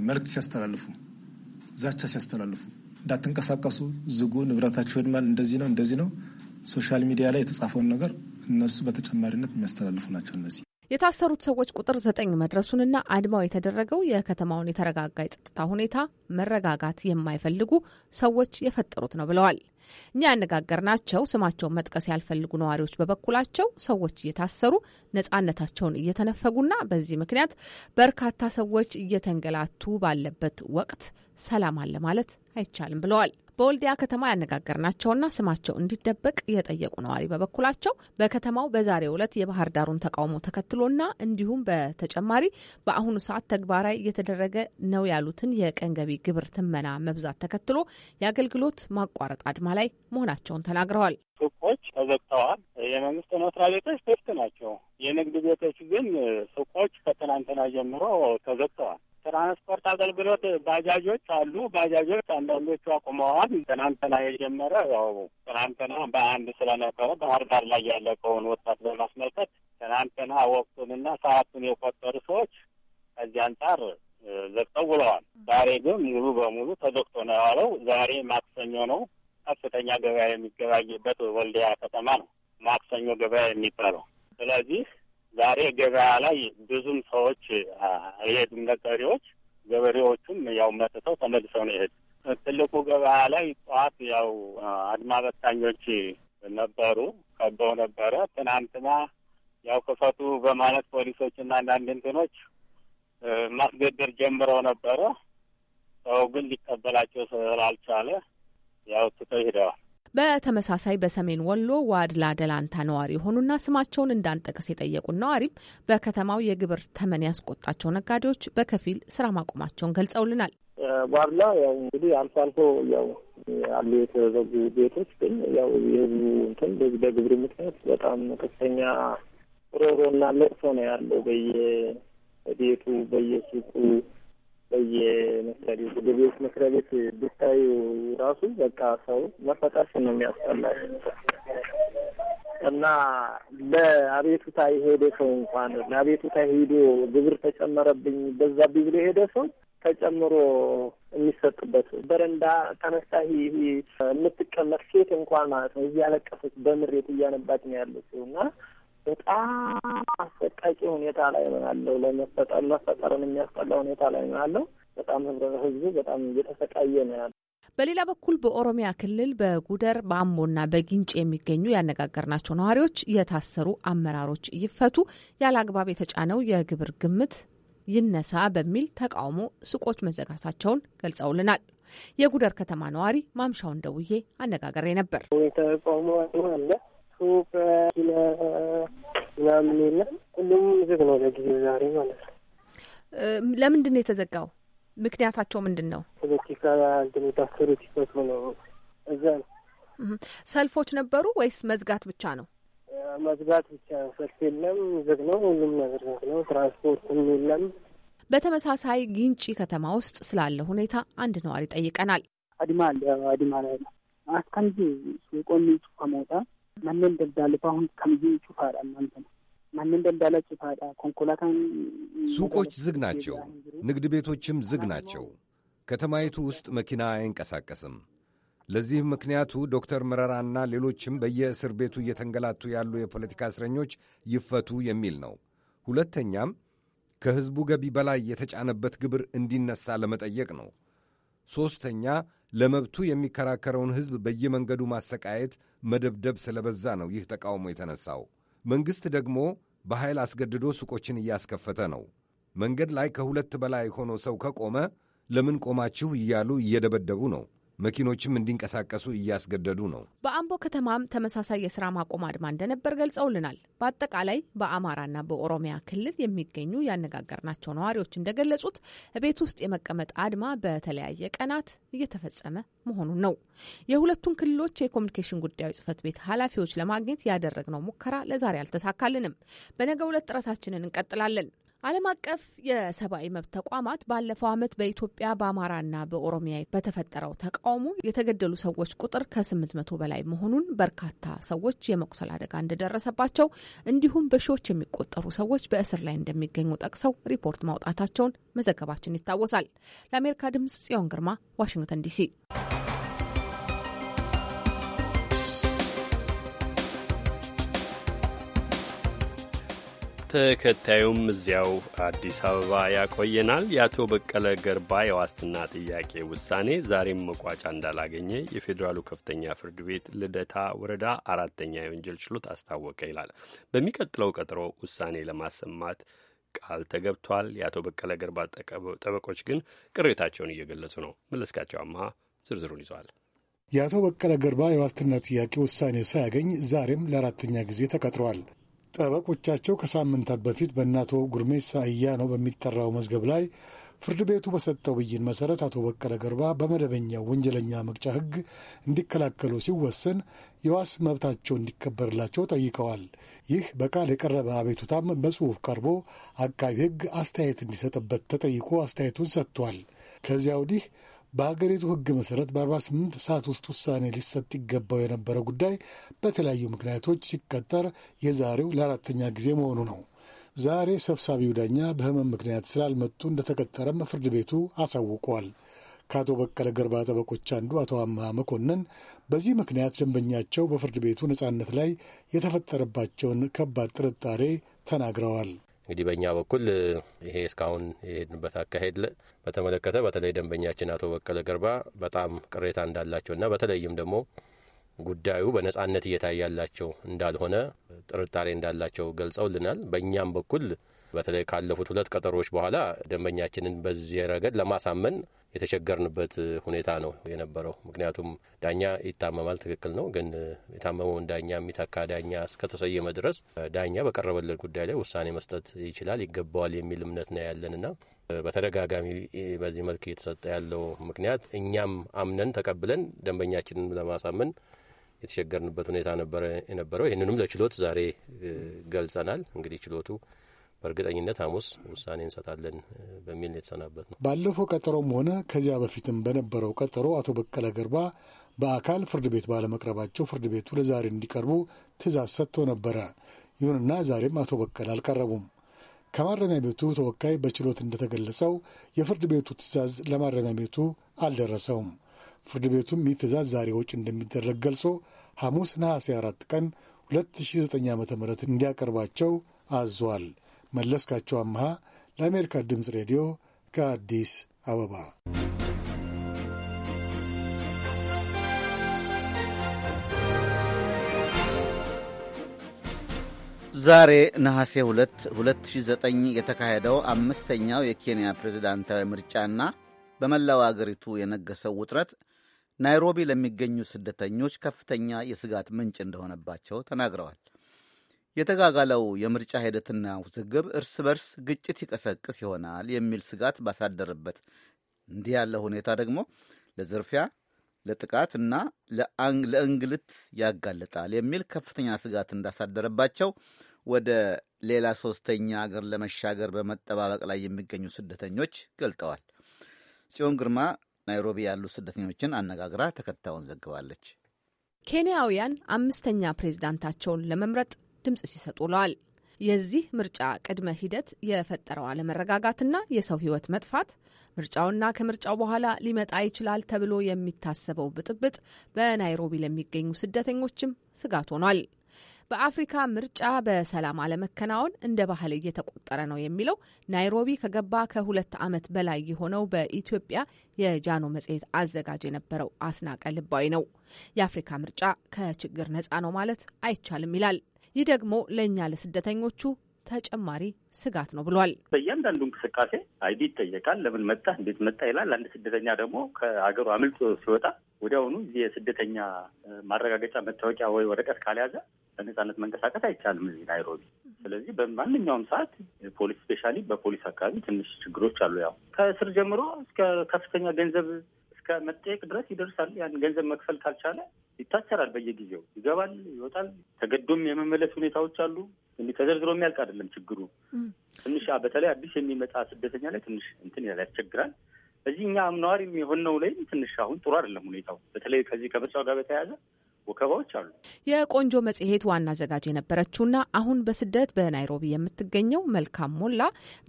መልእክት ሲያስተላልፉ፣ ዛቻ ሲያስተላልፉ እንዳትንቀሳቀሱ፣ ዝጉ፣ ንብረታችሁ ይወድማል፣ እንደዚህ ነው እንደዚህ ነው ሶሻል ሚዲያ ላይ የተጻፈውን ነገር እነሱ በተጨማሪነት የሚያስተላልፉ ናቸው እነዚህ የታሰሩት ሰዎች ቁጥር ዘጠኝ መድረሱንና አድማው የተደረገው የከተማውን የተረጋጋ የጸጥታ ሁኔታ መረጋጋት የማይፈልጉ ሰዎች የፈጠሩት ነው ብለዋል። እኛ ያነጋገርናቸው ስማቸውን መጥቀስ ያልፈልጉ ነዋሪዎች በበኩላቸው ሰዎች እየታሰሩ ነጻነታቸውን እየተነፈጉና በዚህ ምክንያት በርካታ ሰዎች እየተንገላቱ ባለበት ወቅት ሰላም አለ ማለት አይቻልም ብለዋል። በወልዲያ ከተማ ያነጋገርናቸውና ስማቸው እንዲደበቅ የጠየቁ ነዋሪ በበኩላቸው በከተማው በዛሬው ዕለት የባህር ዳሩን ተቃውሞ ተከትሎና እንዲሁም በተጨማሪ በአሁኑ ሰዓት ተግባራዊ እየተደረገ ነው ያሉትን የቀን ገቢ ግብር ትመና መብዛት ተከትሎ የአገልግሎት ማቋረጥ አድማ ላይ መሆናቸውን ተናግረዋል። ሱቆች ተዘግተዋል። የመንግስት መስሪያ ቤቶች ክፍት ናቸው። የንግድ ቤቶች ግን ሱቆች ከትናንትና ጀምሮ ተዘግተዋል። ትራንስፖርት አገልግሎት ባጃጆች አሉ። ባጃጆች አንዳንዶቹ አቁመዋል። ትናንትና የጀመረ ያው ትናንትና በአንድ ስለነበረ ባህር ዳር ላይ ያለቀውን ወጣት በማስመልከት ትናንትና ወቅቱንና ሰዓቱን የቆጠሩ ሰዎች ከዚህ አንጻር ዘግተው ውለዋል። ዛሬ ግን ሙሉ በሙሉ ተዘግቶ ነው የዋለው። ዛሬ ማክሰኞ ነው። ከፍተኛ ገበያ የሚገባይበት ወልዲያ ከተማ ነው ማክሰኞ ገበያ የሚባለው። ስለዚህ ዛሬ ገበያ ላይ ብዙም ሰዎች አይሄዱም። ነጋዴዎች፣ ገበሬዎቹም ያው መጥተው ተመልሰው ነው ይሄዱ። ትልቁ ገበያ ላይ ጠዋት ያው አድማ በታኞች ነበሩ፣ ከበው ነበረ። ትናንትና ያው ክፈቱ በማለት ፖሊሶችና አንዳንድ እንትኖች ማስገደር ጀምረው ነበረ። ሰው ግን ሊቀበላቸው ስላልቻለ ያው ትተው ሄደዋል። በተመሳሳይ በሰሜን ወሎ ዋድላ ደላንታ ነዋሪ የሆኑና ስማቸውን እንዳንጠቅስ የጠየቁን ነዋሪም በከተማው የግብር ተመን ያስቆጣቸው ነጋዴዎች በከፊል ስራ ማቆማቸውን ገልጸውልናል። ዋድላ ያው እንግዲህ አልፎ አልፎ ያው አሉ የተዘጉ ቤቶች፣ ግን ያው የህዝቡ እንትን በግብር ምክንያት በጣም ከፍተኛ ሮሮና ለቅሶ ነው ያለው በየቤቱ በየሱቁ በየመስሪያ ቤት ገቢዎች መስሪያ ቤት ብታዩ ራሱ በቃ ሰው መፈጠር ነው የሚያስጠላል። እና ለአቤቱታ የሄደ ሰው እንኳን ለአቤቱታ ሄዶ ግብር ተጨመረብኝ በዛ ብሎ የሄደ ሰው ተጨምሮ የሚሰጥበት በረንዳ ተነስታ የምትቀመጥ ሴት እንኳን ማለት ነው እያለቀሰች በምሬት እያነባች ነው ያለችው እና በጣም አሰቃቂ ሁኔታ ላይ ነው ለመፈጠር መፈጠርን የሚያስጠላ ሁኔታ ላይ ነው በጣም ህዝቡ በጣም እየተሰቃየ ነው ያለው። በሌላ በኩል በኦሮሚያ ክልል በጉደር በአምቦና በጊንጭ የሚገኙ ያነጋገርናቸው ነዋሪዎች የታሰሩ አመራሮች ይፈቱ፣ ያለ አግባብ የተጫነው የግብር ግምት ይነሳ በሚል ተቃውሞ ሱቆች መዘጋታቸውን ገልጸውልናል። የጉደር ከተማ ነዋሪ ማምሻውን ደውዬ አነጋገሬ ነበር። ተቃውሞ አለ ሱቅ፣ ኪነ ምናምን የለም። ሁሉም ዝግ ነው ለጊዜው ዛሬ ማለት ነው። ለምንድን ነው የተዘጋው? ምክንያታቸው ምንድን ነው? ፖለቲካ እንትን የታሰሩት ይፈቱ ነው። እዛ ነው ሰልፎች ነበሩ ወይስ መዝጋት ብቻ ነው? መዝጋት ብቻ ነው። ሰልፍ የለም፣ ዝግ ነው። ሁሉም ነገር ዝግ ነው። ትራንስፖርትም የለም። በተመሳሳይ ግንጪ ከተማ ውስጥ ስላለ ሁኔታ አንድ ነዋሪ ጠይቀናል። አድማ አድማ ላይ ነው አስከንጂ ሱቆኒ ጩፋ መውጣ manneen daldaaleffaa hundi kamiyyuu cufaadha namni ማንን ደልዳላ ጭፋዳ ኮንኮላታን ሱቆች ዝግ ናቸው። ንግድ ቤቶችም ዝግ ናቸው። ከተማይቱ ውስጥ መኪና አይንቀሳቀስም። ለዚህም ምክንያቱ ዶክተር መረራና ሌሎችም በየእስር ቤቱ እየተንገላቱ ያሉ የፖለቲካ እስረኞች ይፈቱ የሚል ነው። ሁለተኛም ከሕዝቡ ገቢ በላይ የተጫነበት ግብር እንዲነሳ ለመጠየቅ ነው። ሦስተኛ ለመብቱ የሚከራከረውን ሕዝብ በየመንገዱ ማሰቃየት፣ መደብደብ ስለበዛ ነው ይህ ተቃውሞ የተነሳው። መንግሥት ደግሞ በኃይል አስገድዶ ሱቆችን እያስከፈተ ነው። መንገድ ላይ ከሁለት በላይ ሆኖ ሰው ከቆመ ለምን ቆማችሁ እያሉ እየደበደቡ ነው። መኪኖችም እንዲንቀሳቀሱ እያስገደዱ ነው። በአምቦ ከተማም ተመሳሳይ የስራ ማቆም አድማ እንደነበር ገልጸውልናል። በአጠቃላይ በአማራና በኦሮሚያ ክልል የሚገኙ ያነጋገርናቸው ነዋሪዎች እንደገለጹት ቤት ውስጥ የመቀመጥ አድማ በተለያየ ቀናት እየተፈጸመ መሆኑን ነው። የሁለቱን ክልሎች የኮሚኒኬሽን ጉዳዮች ጽህፈት ቤት ኃላፊዎች ለማግኘት ያደረግነው ሙከራ ለዛሬ አልተሳካልንም። በነገ ሁለት ጥረታችንን እንቀጥላለን። ዓለም አቀፍ የሰብአዊ መብት ተቋማት ባለፈው ዓመት በኢትዮጵያ በአማራና በኦሮሚያ በተፈጠረው ተቃውሞ የተገደሉ ሰዎች ቁጥር ከስምንት መቶ በላይ መሆኑን፣ በርካታ ሰዎች የመቁሰል አደጋ እንደደረሰባቸው እንዲሁም በሺዎች የሚቆጠሩ ሰዎች በእስር ላይ እንደሚገኙ ጠቅሰው ሪፖርት ማውጣታቸውን መዘገባችን ይታወሳል። ለአሜሪካ ድምጽ ጽዮን ግርማ ዋሽንግተን ዲሲ። ተከታዩም እዚያው አዲስ አበባ ያቆየናል። የአቶ በቀለ ገርባ የዋስትና ጥያቄ ውሳኔ ዛሬም መቋጫ እንዳላገኘ የፌዴራሉ ከፍተኛ ፍርድ ቤት ልደታ ወረዳ አራተኛ የወንጀል ችሎት አስታወቀ ይላል። በሚቀጥለው ቀጠሮ ውሳኔ ለማሰማት ቃል ተገብቷል። የአቶ በቀለ ገርባ ጠበቆች ግን ቅሬታቸውን እየገለጹ ነው። መለስካቸው አመሃ ዝርዝሩን ይዟል። የአቶ በቀለ ገርባ የዋስትና ጥያቄ ውሳኔ ሳያገኝ ዛሬም ለአራተኛ ጊዜ ተቀጥሯል። ጠበቆቻቸው ከሳምንታት በፊት በእነ አቶ ጉርሜሳ ነው በሚጠራው መዝገብ ላይ ፍርድ ቤቱ በሰጠው ብይን መሰረት አቶ በቀለ ገርባ በመደበኛው ወንጀለኛ መቅጫ ሕግ እንዲከላከሉ ሲወሰን የዋስ መብታቸው እንዲከበርላቸው ጠይቀዋል። ይህ በቃል የቀረበ አቤቱታም በጽሑፍ ቀርቦ አቃቢ ሕግ አስተያየት እንዲሰጥበት ተጠይቆ አስተያየቱን ሰጥቷል። ከዚያ ወዲህ በሀገሪቱ ሕግ መሰረት በ48 ሰዓት ውስጥ ውሳኔ ሊሰጥ ይገባው የነበረ ጉዳይ በተለያዩ ምክንያቶች ሲቀጠር የዛሬው ለአራተኛ ጊዜ መሆኑ ነው። ዛሬ ሰብሳቢው ዳኛ በህመም ምክንያት ስላልመጡ እንደተቀጠረም ፍርድ ቤቱ አሳውቋል። ከአቶ በቀለ ገርባ ጠበቆች አንዱ አቶ አምሃ መኮንን በዚህ ምክንያት ደንበኛቸው በፍርድ ቤቱ ነጻነት ላይ የተፈጠረባቸውን ከባድ ጥርጣሬ ተናግረዋል። እንግዲህ በእኛ በኩል ይሄ እስካሁን የሄድንበት አካሄድ በተመለከተ በተለይ ደንበኛችን አቶ በቀለ ገርባ በጣም ቅሬታ እንዳላቸውና በተለይም ደግሞ ጉዳዩ በነጻነት እየታያላቸው እንዳልሆነ ጥርጣሬ እንዳላቸው ገልጸውልናል። በእኛም በኩል በተለይ ካለፉት ሁለት ቀጠሮዎች በኋላ ደንበኛችንን በዚህ ረገድ ለማሳመን የተቸገርንበት ሁኔታ ነው የነበረው። ምክንያቱም ዳኛ ይታመማል፣ ትክክል ነው። ግን የታመመውን ዳኛ የሚተካ ዳኛ እስከተሰየመ ድረስ ዳኛ በቀረበልን ጉዳይ ላይ ውሳኔ መስጠት ይችላል፣ ይገባዋል የሚል እምነት ነው ያለንና በተደጋጋሚ በዚህ መልክ እየተሰጠ ያለው ምክንያት እኛም አምነን ተቀብለን ደንበኛችንን ለማሳመን የተቸገርንበት ሁኔታ ነበረ የነበረው። ይህንንም ለችሎት ዛሬ ገልጸናል። እንግዲህ ችሎቱ በእርግጠኝነት ሐሙስ ውሳኔ እንሰጣለን በሚል የተሰናበት ነው። ባለፈው ቀጠሮም ሆነ ከዚያ በፊትም በነበረው ቀጠሮ አቶ በቀለ ገርባ በአካል ፍርድ ቤት ባለመቅረባቸው ፍርድ ቤቱ ለዛሬ እንዲቀርቡ ትእዛዝ ሰጥቶ ነበረ። ይሁንና ዛሬም አቶ በቀለ አልቀረቡም። ከማረሚያ ቤቱ ተወካይ በችሎት እንደተገለጸው የፍርድ ቤቱ ትእዛዝ ለማረሚያ ቤቱ አልደረሰውም። ፍርድ ቤቱም ይህ ትእዛዝ ዛሬ ውጭ እንደሚደረግ ገልጾ ሐሙስ ነሐሴ አራት ቀን 2009 ዓ ም እንዲያቀርባቸው አዟል። መለስካቸው አምሃ ለአሜሪካ ድምፅ ሬዲዮ ከአዲስ አበባ ዛሬ ነሐሴ 2 2009 የተካሄደው አምስተኛው የኬንያ ፕሬዝዳንታዊ ምርጫና በመላው አገሪቱ የነገሰው ውጥረት ናይሮቢ ለሚገኙ ስደተኞች ከፍተኛ የስጋት ምንጭ እንደሆነባቸው ተናግረዋል። የተጋጋለው የምርጫ ሂደትና ውዝግብ እርስ በርስ ግጭት ይቀሰቅስ ይሆናል የሚል ስጋት ባሳደረበት እንዲህ ያለ ሁኔታ ደግሞ ለዝርፊያ፣ ለጥቃት እና ለእንግልት ያጋልጣል የሚል ከፍተኛ ስጋት እንዳሳደረባቸው ወደ ሌላ ሶስተኛ አገር ለመሻገር በመጠባበቅ ላይ የሚገኙ ስደተኞች ገልጠዋል። ጽዮን ግርማ ናይሮቢ ያሉ ስደተኞችን አነጋግራ ተከታዩን ዘግባለች። ኬንያውያን አምስተኛ ፕሬዝዳንታቸውን ለመምረጥ ድምፅ ሲሰጡ ውለዋል። የዚህ ምርጫ ቅድመ ሂደት የፈጠረው አለመረጋጋትና የሰው ህይወት መጥፋት ምርጫውና ከምርጫው በኋላ ሊመጣ ይችላል ተብሎ የሚታሰበው ብጥብጥ በናይሮቢ ለሚገኙ ስደተኞችም ስጋት ሆኗል። በአፍሪካ ምርጫ በሰላም አለመከናወን እንደ ባህል እየተቆጠረ ነው የሚለው ናይሮቢ ከገባ ከሁለት ዓመት በላይ የሆነው በኢትዮጵያ የጃኖ መጽሔት አዘጋጅ የነበረው አስናቀ ልባዊ ነው። የአፍሪካ ምርጫ ከችግር ነፃ ነው ማለት አይቻልም ይላል። ይህ ደግሞ ለእኛ ለስደተኞቹ ተጨማሪ ስጋት ነው ብሏል። በእያንዳንዱ እንቅስቃሴ አይዲ ይጠየቃል። ለምን መጣ፣ እንዴት መጣ ይላል። አንድ ስደተኛ ደግሞ ከሀገሩ አምልጦ ሲወጣ ወዲያውኑ የስደተኛ ማረጋገጫ መታወቂያ ወይ ወረቀት ካልያዘ በነጻነት መንቀሳቀስ አይቻልም እዚህ ናይሮቢ። ስለዚህ በማንኛውም ሰዓት ፖሊስ ስፔሻሊ በፖሊስ አካባቢ ትንሽ ችግሮች አሉ። ያው ከእስር ጀምሮ እስከ ከፍተኛ ገንዘብ እስከ መጠየቅ ድረስ ይደርሳል። ያን ገንዘብ መክፈል ካልቻለ ይታሰራል፣ በየጊዜው ይገባል፣ ይወጣል። ተገዶም የመመለስ ሁኔታዎች አሉ። እንዲህ ተዘርዝሮ የሚያልቅ አይደለም ችግሩ። ትንሽ በተለይ አዲስ የሚመጣ ስደተኛ ላይ ትንሽ እንትን ያስቸግራል። እዚህ እኛ ነዋሪም የሆነው ላይ ትንሽ አሁን ጥሩ አይደለም ሁኔታው። በተለይ ከዚህ ከምርጫው ጋር በተያያዘ ወከባዎች አሉ። የቆንጆ መጽሔት ዋና አዘጋጅ የነበረችውና አሁን በስደት በናይሮቢ የምትገኘው መልካም ሞላ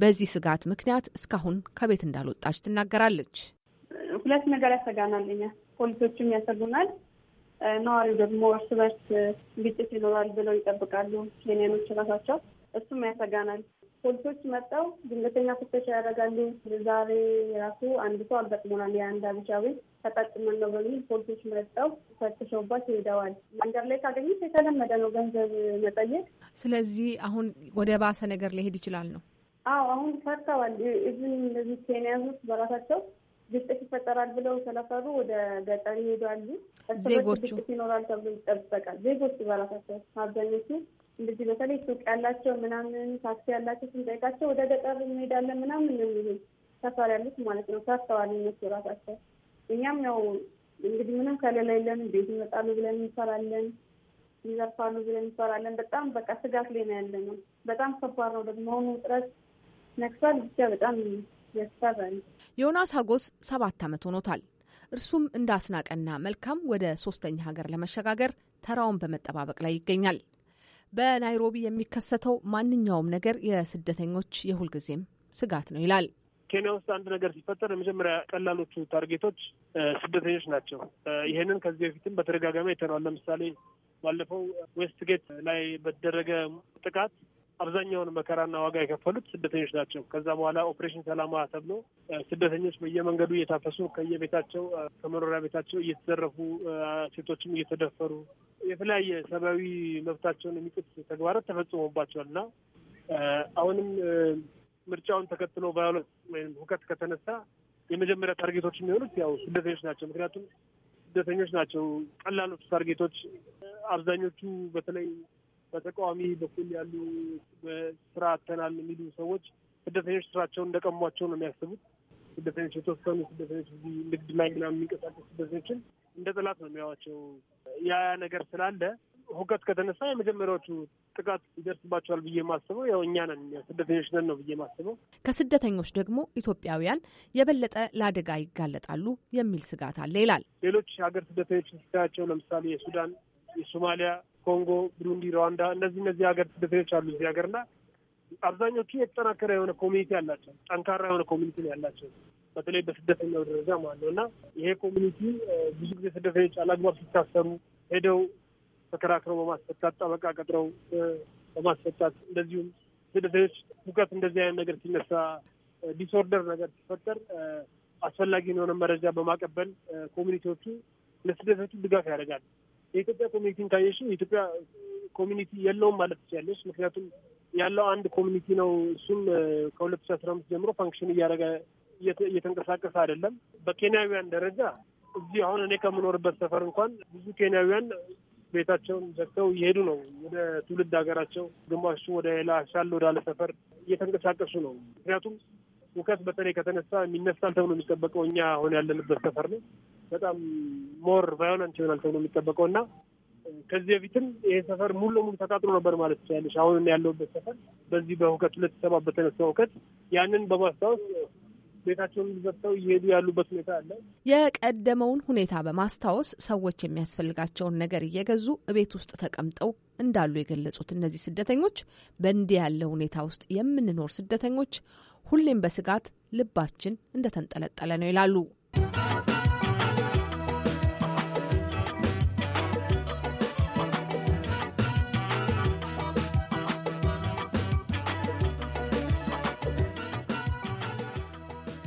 በዚህ ስጋት ምክንያት እስካሁን ከቤት እንዳልወጣች ትናገራለች። ሁለት ነገር ያሰጋናል እኛ ፖሊሶችም ያሰጉናል፣ ነዋሪው ደግሞ እርስ በርስ ግጭት ይኖራል ብለው ይጠብቃሉ ኬንያኖች ራሳቸው። እሱም ያሰጋናል። ፖሊሶች መጠው ድንገተኛ ፍተሻ ያደርጋሉ። ዛሬ የራሱ አንድ ሰው አጋጥሞናል። የአንድ አበሻዊ ተጠቅመን ነው በሚል ፖሊሶች መጠው ፈትሸውባት ሄደዋል። መንገድ ላይ ካገኙት የተለመደ ነው ገንዘብ መጠየቅ። ስለዚህ አሁን ወደ ባሰ ነገር ሊሄድ ይችላል ነው። አዎ አሁን ፈርተዋል። እዚህ እነዚህ ኬንያኖች በራሳቸው ግጭት ይፈጠራል ብለው ስለፈሩ ወደ ገጠር ይሄዳሉ። ዜጎቹ ግጭት ይኖራል ተብሎ ይጠበቃል። ዜጎቹ በራሳቸው አብዛኞቹ እንደዚህ በተለይ ሱቅ ያላቸው ምናምን ታክሲ ያላቸው ስንጠይቃቸው ወደ ገጠር እንሄዳለን ምናምን ነው የሚሉት ሰፈር ያሉት ማለት ነው። ሰርተዋል እነሱ ራሳቸው። እኛም ያው እንግዲህ ምንም ከሌላ የለንም። ቤት ይመጣሉ ብለን እንሰራለን፣ ይዘርፋሉ ብለን እንሰራለን። በጣም በቃ ስጋት ላይ ነው ያለ ነው። በጣም ከባድ ነው ደግሞ አሁኑ ውጥረት ነክሷል ብቻ በጣም ዮናስ ሀጎስ ሰባት ዓመት ሆኖታል። እርሱም እንደ አስናቀና መልካም ወደ ሶስተኛ ሀገር ለመሸጋገር ተራውን በመጠባበቅ ላይ ይገኛል። በናይሮቢ የሚከሰተው ማንኛውም ነገር የስደተኞች የሁልጊዜም ስጋት ነው ይላል። ኬንያ ውስጥ አንድ ነገር ሲፈጠር የመጀመሪያ ቀላሎቹ ታርጌቶች ስደተኞች ናቸው። ይህንን ከዚህ በፊትም በተደጋጋሚ አይተነዋል። ለምሳሌ ባለፈው ጌት ላይ በተደረገ ጥቃት አብዛኛውን መከራና ዋጋ የከፈሉት ስደተኞች ናቸው። ከዛ በኋላ ኦፕሬሽን ሰላማ ተብሎ ስደተኞች በየመንገዱ እየታፈሱ ከየቤታቸው ከመኖሪያ ቤታቸው እየተዘረፉ ሴቶችም እየተደፈሩ የተለያየ ሰብአዊ መብታቸውን የሚጥስ ተግባራት ተፈጽሞባቸዋል እና አሁንም ምርጫውን ተከትሎ ቫዮለንስ ወይም ሁከት ከተነሳ የመጀመሪያ ታርጌቶች የሚሆኑት ያው ስደተኞች ናቸው። ምክንያቱም ስደተኞች ናቸው ቀላሎቹ ታርጌቶች። አብዛኞቹ በተለይ በተቃዋሚ በኩል ያሉ ስራ አተናል የሚሉ ሰዎች ስደተኞች ስራቸውን እንደቀሟቸው ነው የሚያስቡት። ስደተኞች የተወሰኑ ስደተኞች ንግድ ላይ ምናምን የሚንቀሳቀሱ ስደተኞችን እንደ ጠላት ነው የሚያዋቸው። ያ ነገር ስላለ ሁከት ከተነሳ የመጀመሪያዎቹ ጥቃት ይደርስባቸዋል ብዬ ማስበው ያው እኛ ነን ስደተኞች ነን ነው ብዬ ማስበው። ከስደተኞች ደግሞ ኢትዮጵያውያን የበለጠ ለአደጋ ይጋለጣሉ የሚል ስጋት አለ ይላል። ሌሎች ሀገር ስደተኞች ስታያቸው ለምሳሌ የሱዳን፣ የሶማሊያ ኮንጎ፣ ብሩንዲ፣ ሩዋንዳ እነዚህ እነዚህ ሀገር ስደተኞች አሉ እዚህ ሀገር እና አብዛኞቹ የተጠናከረ የሆነ ኮሚኒቲ ያላቸው ጠንካራ የሆነ ኮሚኒቲ ነው ያላቸው በተለይ በስደተኛው ደረጃ ማለት ነው እና ይሄ ኮሚኒቲ ብዙ ጊዜ ስደተኞች አላግባብ ሲታሰሩ ሄደው ተከራክረው በማስፈታት ጠበቃ ቀጥረው በማስፈታት እንደዚሁም ስደተኞች ሁከት እንደዚህ አይነት ነገር ሲነሳ ዲስኦርደር ነገር ሲፈጠር አስፈላጊ የሆነ መረጃ በማቀበል ኮሚኒቲዎቹ ለስደተኞቹ ድጋፍ ያደርጋል። የኢትዮጵያ ኮሚኒቲን ካየሽ የኢትዮጵያ ኮሚኒቲ uh, የለውም ማለት ትችያለሽ። ምክንያቱም ያለው አንድ ኮሚኒቲ ነው። እሱም uh, ከሁለት ሺ አስራ አምስት ጀምሮ ፋንክሽን እያደረገ እየተንቀሳቀሰ አይደለም። በኬንያውያን ደረጃ እዚህ አሁን እኔ ከምኖርበት ሰፈር እንኳን ብዙ ኬንያውያን ቤታቸውን ዘግተው እየሄዱ ነው ወደ ትውልድ ሀገራቸው። ግማሹ ወደ ሌላ ሻል ወዳለ ሰፈር እየተንቀሳቀሱ ነው። ምክንያቱም ውከት በተለይ ከተነሳ የሚነሳል ተብሎ የሚጠበቀው እኛ አሁን ያለንበት ሰፈር ነው። በጣም ሞር ቫዮለንት ይሆናል ተብሎ የሚጠበቀው እና ከዚህ በፊትም ይህ ሰፈር ሙሉ ለሙሉ ተቃጥሎ ነበር ማለት ትችላለች። አሁን ያለውበት ሰፈር በዚህ በሁከት ሁለት ሰባ በተነሳ ሁከት ያንን በማስታወስ ቤታቸውን ሊዘርተው እየሄዱ ያሉበት ሁኔታ አለ። የቀደመውን ሁኔታ በማስታወስ ሰዎች የሚያስፈልጋቸውን ነገር እየገዙ እቤት ውስጥ ተቀምጠው እንዳሉ የገለጹት እነዚህ ስደተኞች በእንዲህ ያለ ሁኔታ ውስጥ የምንኖር ስደተኞች ሁሌም በስጋት ልባችን እንደተንጠለጠለ ነው ይላሉ።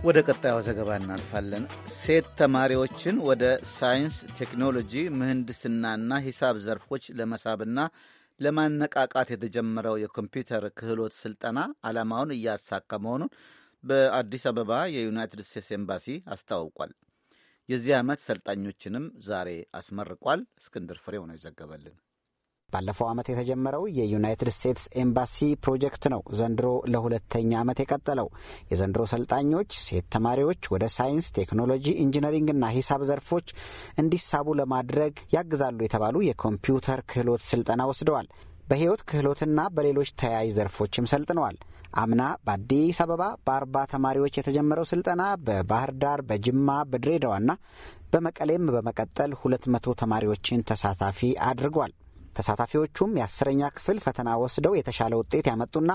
ወደ ቀጣዩ ዘገባ እናልፋለን። ሴት ተማሪዎችን ወደ ሳይንስ፣ ቴክኖሎጂ፣ ምህንድስናና ሂሳብ ዘርፎች ለመሳብና ለማነቃቃት የተጀመረው የኮምፒውተር ክህሎት ስልጠና ዓላማውን እያሳካ መሆኑን በአዲስ አበባ የዩናይትድ ስቴትስ ኤምባሲ አስታውቋል። የዚህ ዓመት ሰልጣኞችንም ዛሬ አስመርቋል። እስክንድር ፍሬው ነው የዘገበልን። ባለፈው ዓመት የተጀመረው የዩናይትድ ስቴትስ ኤምባሲ ፕሮጀክት ነው ዘንድሮ ለሁለተኛ ዓመት የቀጠለው። የዘንድሮ ሰልጣኞች ሴት ተማሪዎች ወደ ሳይንስ፣ ቴክኖሎጂ፣ ኢንጂነሪንግና ሂሳብ ዘርፎች እንዲሳቡ ለማድረግ ያግዛሉ የተባሉ የኮምፒውተር ክህሎት ስልጠና ወስደዋል። በህይወት ክህሎትና በሌሎች ተያያዥ ዘርፎችም ሰልጥነዋል። አምና በአዲስ አበባ በአርባ ተማሪዎች የተጀመረው ስልጠና በባህር ዳር፣ በጅማ፣ በድሬዳዋና በመቀሌም በመቀጠል ሁለት መቶ ተማሪዎችን ተሳታፊ አድርጓል። ተሳታፊዎቹም የአስረኛ ክፍል ፈተና ወስደው የተሻለ ውጤት ያመጡና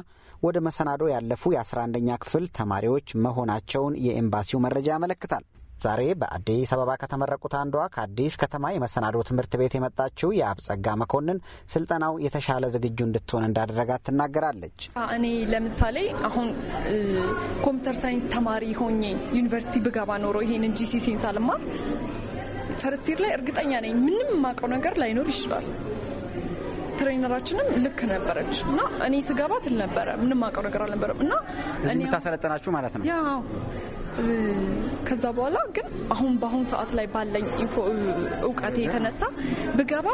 ወደ መሰናዶ ያለፉ የ11ኛ ክፍል ተማሪዎች መሆናቸውን የኤምባሲው መረጃ ያመለክታል። ዛሬ በአዲስ አበባ ከተመረቁት አንዷ ከአዲስ ከተማ የመሰናዶ ትምህርት ቤት የመጣችው የአብጸጋ መኮንን ስልጠናው የተሻለ ዝግጁ እንድትሆን እንዳደረጋት ትናገራለች። እኔ ለምሳሌ አሁን ኮምፒውተር ሳይንስ ተማሪ ሆኜ ዩኒቨርሲቲ ብገባ ኖሮ ይሄንን ጂሲሲን ሳልማር ፈርስቲር ላይ እርግጠኛ ነኝ ምንም የማውቀው ነገር ላይኖር ይችላል ትሬነራችንም ልክ ነበረች እና እኔ ስገባ ትል ነበረ ምንም አውቀው ነገር አልነበረም እና የምታሰለጠናችሁ ማለት ነው ያው ከዛ በኋላ ግን አሁን በአሁን ሰዓት ላይ ባለኝ እውቀት የተነሳ ብገባ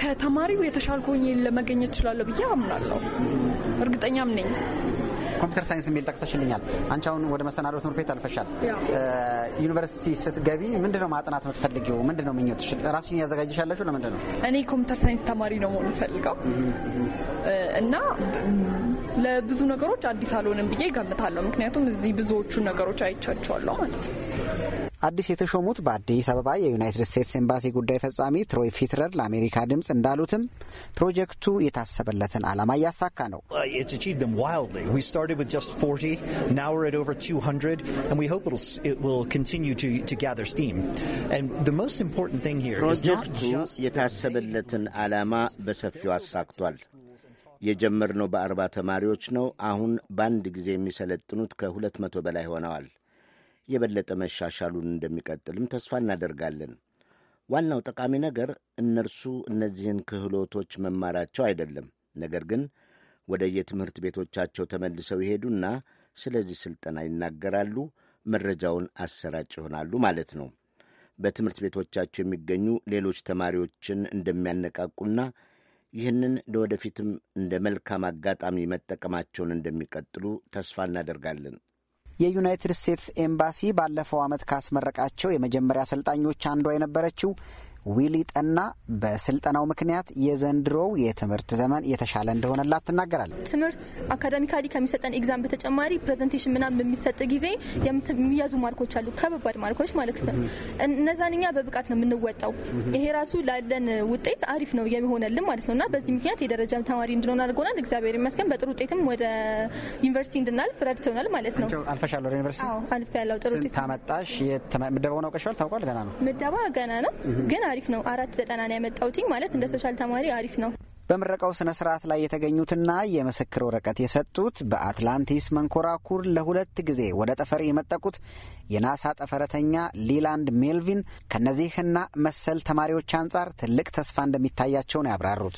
ከተማሪው የተሻልኩኝ ለመገኘት እችላለሁ ብዬ አምናለሁ። እርግጠኛም ነኝ። ኮምፒውተር ሳይንስ የሚል ጠቅሰሽልኛል። አንቺ አሁን ወደ መሰናዶ ትምህርት ቤት አልፈሻል። ዩኒቨርሲቲ ስትገቢ ምንድን ነው ማጥናት የምትፈልጊው? ምንድን ነው ምኞትሽ? ራስሽን እያዘጋጀሻለሽ ለምንድን ነው? እኔ ኮምፒውተር ሳይንስ ተማሪ ነው መሆን ፈልገው እና ለብዙ ነገሮች አዲስ አልሆንም ብዬ ገምታለሁ ምክንያቱም እዚህ ብዙዎቹን ነገሮች አይቻቸዋለሁ ማለት ነው። አዲስ የተሾሙት በአዲስ አበባ የዩናይትድ ስቴትስ ኤምባሲ ጉዳይ ፈጻሚ ትሮይ ፊትረር ለአሜሪካ ድምፅ እንዳሉትም ፕሮጀክቱ የታሰበለትን ዓላማ እያሳካ ነው። uh, ፕሮጀክቱ የታሰበለትን ዓላማ በሰፊው አሳክቷል። የጀመርነው በአርባ ተማሪዎች ነው። አሁን በአንድ ጊዜ የሚሰለጥኑት ከሁለት መቶ በላይ ሆነዋል። የበለጠ መሻሻሉን እንደሚቀጥልም ተስፋ እናደርጋለን። ዋናው ጠቃሚ ነገር እነርሱ እነዚህን ክህሎቶች መማራቸው አይደለም፣ ነገር ግን ወደ የትምህርት ቤቶቻቸው ተመልሰው ይሄዱና ስለዚህ ስልጠና ይናገራሉ፣ መረጃውን አሰራጭ ይሆናሉ ማለት ነው። በትምህርት ቤቶቻቸው የሚገኙ ሌሎች ተማሪዎችን እንደሚያነቃቁና ይህንን ለወደፊትም እንደ መልካም አጋጣሚ መጠቀማቸውን እንደሚቀጥሉ ተስፋ እናደርጋለን። የዩናይትድ ስቴትስ ኤምባሲ ባለፈው ዓመት ካስመረቃቸው የመጀመሪያ አሰልጣኞች አንዷ የነበረችው ዊሊ ጠና በስልጠናው ምክንያት የዘንድሮው የትምህርት ዘመን የተሻለ እንደሆነላት ትናገራለች። ትምህርት አካዳሚካሊ ከሚሰጠን ኤግዛም በተጨማሪ ፕሬዘንቴሽን ምናምን በሚሰጥ ጊዜ የሚያዙ ማርኮች አሉ፣ ከበባድ ማርኮች ማለት ነው። እነዛን እኛ በብቃት ነው የምንወጣው። ይሄ ራሱ ላለን ውጤት አሪፍ ነው የሚሆነልን ማለት ነው እና በዚህ ምክንያት የደረጃ ተማሪ እንድንሆን አድርጎናል። እግዚአብሔር ይመስገን። በጥሩ ውጤትም ወደ ዩኒቨርሲቲ እንድናልፍ ረድቶናል ማለት ነው። አልፈሻለሁ ዩኒቨርሲቲ? አዎ አልፌያለሁ። ጥሩ ውጤት ታመጣሽ። ምደባውን አውቀሻል? ታውቋል? ገና ነው ምደባ ገና ነው ግን አሪፍ ነው። አራት ዘጠና ነው ያመጣሁት ማለት እንደ ሶሻል ተማሪ አሪፍ ነው። በምረቃው ስነ ስርዓት ላይ የተገኙትና የምስክር ወረቀት የሰጡት በአትላንቲስ መንኮራኩር ለሁለት ጊዜ ወደ ጠፈር የመጠቁት የናሳ ጠፈረተኛ ሊላንድ ሜልቪን ከእነዚህና መሰል ተማሪዎች አንጻር ትልቅ ተስፋ እንደሚታያቸው ነው ያብራሩት።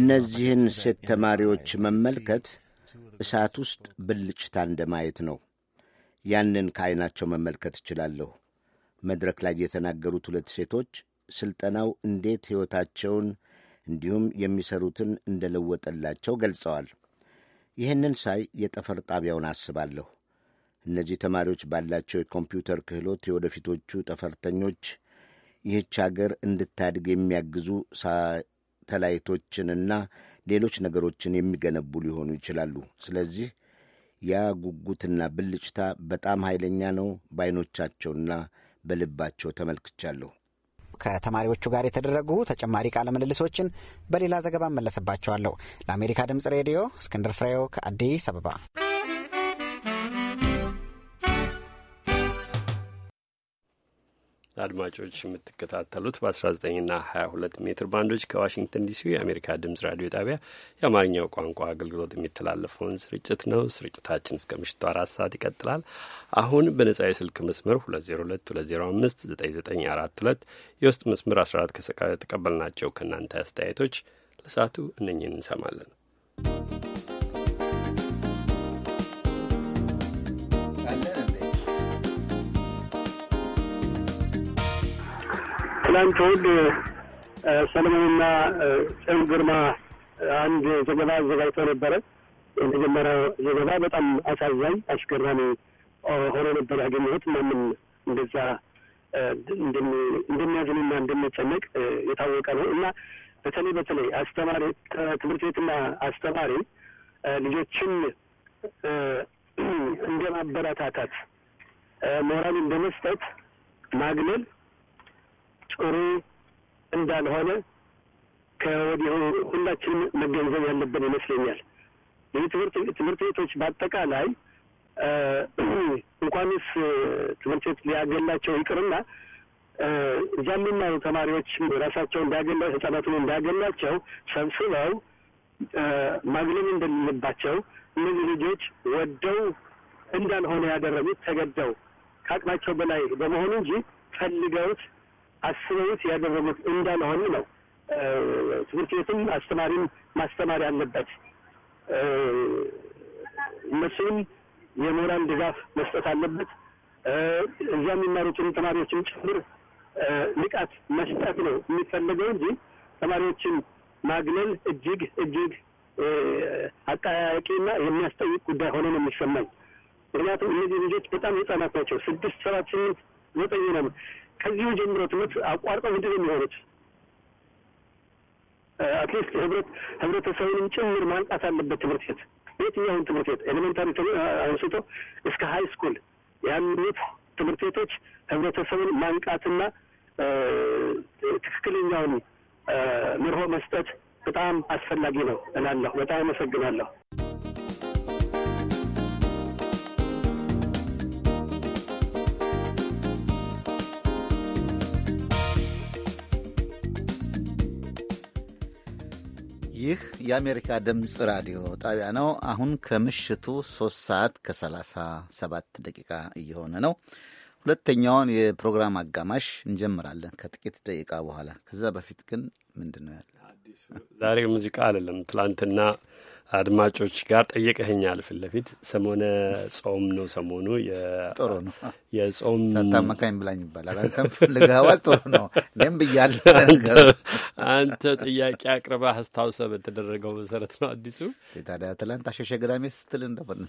እነዚህን ሴት ተማሪዎች መመልከት እሳት ውስጥ ብልጭታ እንደማየት ነው። ያንን ከዐይናቸው መመልከት እችላለሁ። መድረክ ላይ የተናገሩት ሁለት ሴቶች ሥልጠናው እንዴት ሕይወታቸውን እንዲሁም የሚሠሩትን እንደለወጠላቸው ገልጸዋል። ይህንን ሳይ የጠፈር ጣቢያውን አስባለሁ። እነዚህ ተማሪዎች ባላቸው የኮምፒውተር ክህሎት የወደፊቶቹ ጠፈርተኞች ይህች አገር እንድታድግ የሚያግዙ ሳተላይቶችንና ሌሎች ነገሮችን የሚገነቡ ሊሆኑ ይችላሉ። ስለዚህ ያ ጉጉትና ብልጭታ በጣም ኃይለኛ ነው። በአይኖቻቸውና በልባቸው ተመልክቻለሁ። ከተማሪዎቹ ጋር የተደረጉ ተጨማሪ ቃለ ምልልሶችን በሌላ ዘገባ እመለስባቸዋለሁ። ለአሜሪካ ድምፅ ሬዲዮ እስክንድር ፍሬው ከአዲስ አበባ አድማጮች የምትከታተሉት በ19ና 22 ሜትር ባንዶች ከዋሽንግተን ዲሲ የአሜሪካ ድምጽ ራዲዮ ጣቢያ የአማርኛው ቋንቋ አገልግሎት የሚተላለፈውን ስርጭት ነው። ስርጭታችን እስከ ምሽቱ አራት ሰዓት ይቀጥላል። አሁን በነጻ የስልክ መስመር 2022059942 የውስጥ መስመር 14 ከተቀበልናቸው ከእናንተ አስተያየቶች ለሰዓቱ እነኝን እንሰማለን። ትላንት እሑድ ሰለሞንና ጽዮን ግርማ አንድ ዘገባ አዘጋጅተው ነበረ። የመጀመሪያው ዘገባ በጣም አሳዛኝ አስገራሚ ሆኖ ነበር ያገኘሁት። ማንም እንደዛ እንደሚያዝንና እንደሚጨነቅ የታወቀ ነው እና በተለይ በተለይ አስተማሪ ትምህርት ቤትና አስተማሪ ልጆችን እንደ ማበረታታት ሞራል እንደ መስጠት ማግለል ጥሩ እንዳልሆነ ከወዲሁ ሁላችንም መገንዘብ ያለብን ይመስለኛል። ይህ ትምህርት ትምህርት ቤቶች በአጠቃላይ እንኳንስ ትምህርት ቤት ሊያገላቸው ይቅርና እዛ የሚማሩ ተማሪዎች ራሳቸው እንዳያገላ ህጻናቱን እንዳያገላቸው ሰብስበው ማግለል እንደሌለባቸው እነዚህ ልጆች ወደው እንዳልሆነ ያደረጉት ተገደው ከአቅማቸው በላይ በመሆኑ እንጂ ፈልገውት አስበውት ያደረጉት እንዳልሆነ ነው። ትምህርት ቤትም አስተማሪም ማስተማር ያለበት እነሱም የምሁራን ድጋፍ መስጠት አለበት። እዛ የሚማሩትን ተማሪዎችን ጭምር ንቃት መስጠት ነው የሚፈለገው እንጂ ተማሪዎችን ማግለል እጅግ እጅግ አጠያያቂና የሚያስጠይቅ ጉዳይ ሆኖ ነው የሚሰማኝ። ምክንያቱም እነዚህ ልጆች በጣም ህጻናት ናቸው። ስድስት፣ ሰባት፣ ስምንት፣ ዘጠኝ ነው ከዚሁ ጀምሮ ትምህርት አቋርጠው ምንድን የሚሆኑት? አትሊስት ህብረት ህብረተሰቡንም ጭምር ማንቃት አለበት። ትምህርት ቤት የትኛውን ትምህርት ቤት ኤሌመንታሪ አንስቶ እስከ ሀይ ስኩል ያሉት ትምህርት ቤቶች ህብረተሰቡን ማንቃትና ትክክለኛውን ምርሆ መስጠት በጣም አስፈላጊ ነው እላለሁ። በጣም አመሰግናለሁ። ይህ የአሜሪካ ድምፅ ራዲዮ ጣቢያ ነው። አሁን ከምሽቱ 3 ሰዓት ከ37 ደቂቃ እየሆነ ነው። ሁለተኛውን የፕሮግራም አጋማሽ እንጀምራለን ከጥቂት ደቂቃ በኋላ። ከዛ በፊት ግን ምንድን ነው ያለ ዛሬ ሙዚቃ አይደለም ትላንትና አድማጮች ጋር ጠየቀኸኛል። ፊት ለፊት ሰሞነ ጾም ነው። ሰሞኑ ጥሩ ነው። የጾም ሳታመካኝ ብላኝ ይባላል። አንተም ፈልገኸዋል። ጥሩ ነው። እኔም ብያለሁ። አንተ ጥያቄ አቅርባ አስታውሰህ በተደረገው መሰረት ነው። አዲሱ ታዲያ ትላንት አሸሸ ገዳሜ ስትል እንደሆነ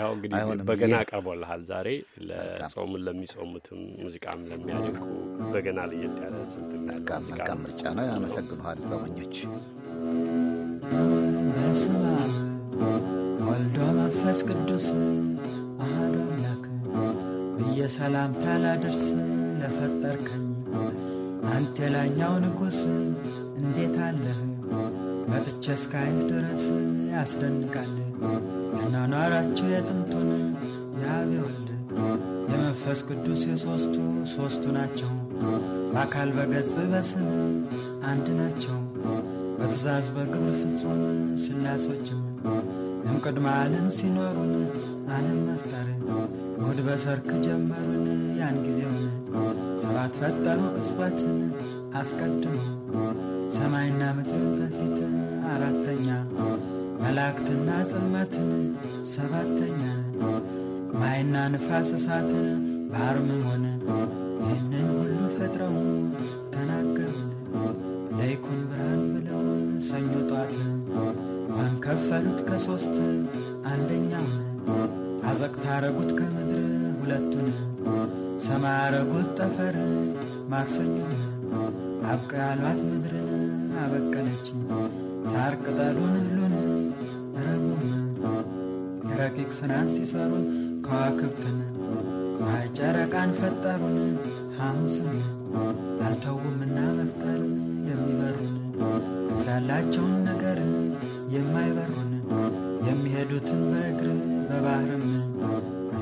ያው እንግዲህ በገና አቅርቦልሃል ዛሬ ለጾሙን ለሚጾሙትም ሙዚቃም ለሚያደንቁ በገና ለየት ያለ መልካም ምርጫ ነው። ያመሰግንኋል ጾመኞች Thank you. ወልዶ መንፈስ ቅዱስ አሐዱ አምላክ ብዬ ሰላምታ ላድርስ ለፈጠርከኝ አንተ የላይኛው ንጉሥ እንዴት አለህ መጥቼ እስካይህ ድረስ ያስደንቃል አኗኗራቸው የጥንቱን የአብ ወልድ የመንፈስ ቅዱስ የሦስቱ ሦስቱ ናቸው በአካል በገጽ በስም አንድ ናቸው በትእዛዝ በግብር ፍጹም ስላሶችም ንቅድማ ዓለም ሲኖሩን ዓለም መፍጠር እሑድ በሰርክ ጀመሩን ያን ጊዜውን ሰባት ፈጠሩ ቅጽበትን አስቀድሞ ሰማይና ምድር በፊት አራተኛ መላእክትና ጽልመትን ሰባተኛ ማይና ንፋስ እሳትን ባርምሞን ይህንን ሁሉ ፈጥረው ታረጉት ከምድር ሁለቱን ሰማይ አረጉት ጠፈር ማክሰኞን አብቃ ምድርን አበቀለች ሳር ቅጠሉን እህሉን ረቡን ረቂቅ ስናን ሲሰሩ ከዋክብትን ፀሐይ ጨረቃን ፈጠሩን ሐሙስን አልተውምና መፍጠር የሚበሩን ያላቸውን ነገር የማይበሩን የሚሄዱትን በእግር በባህርም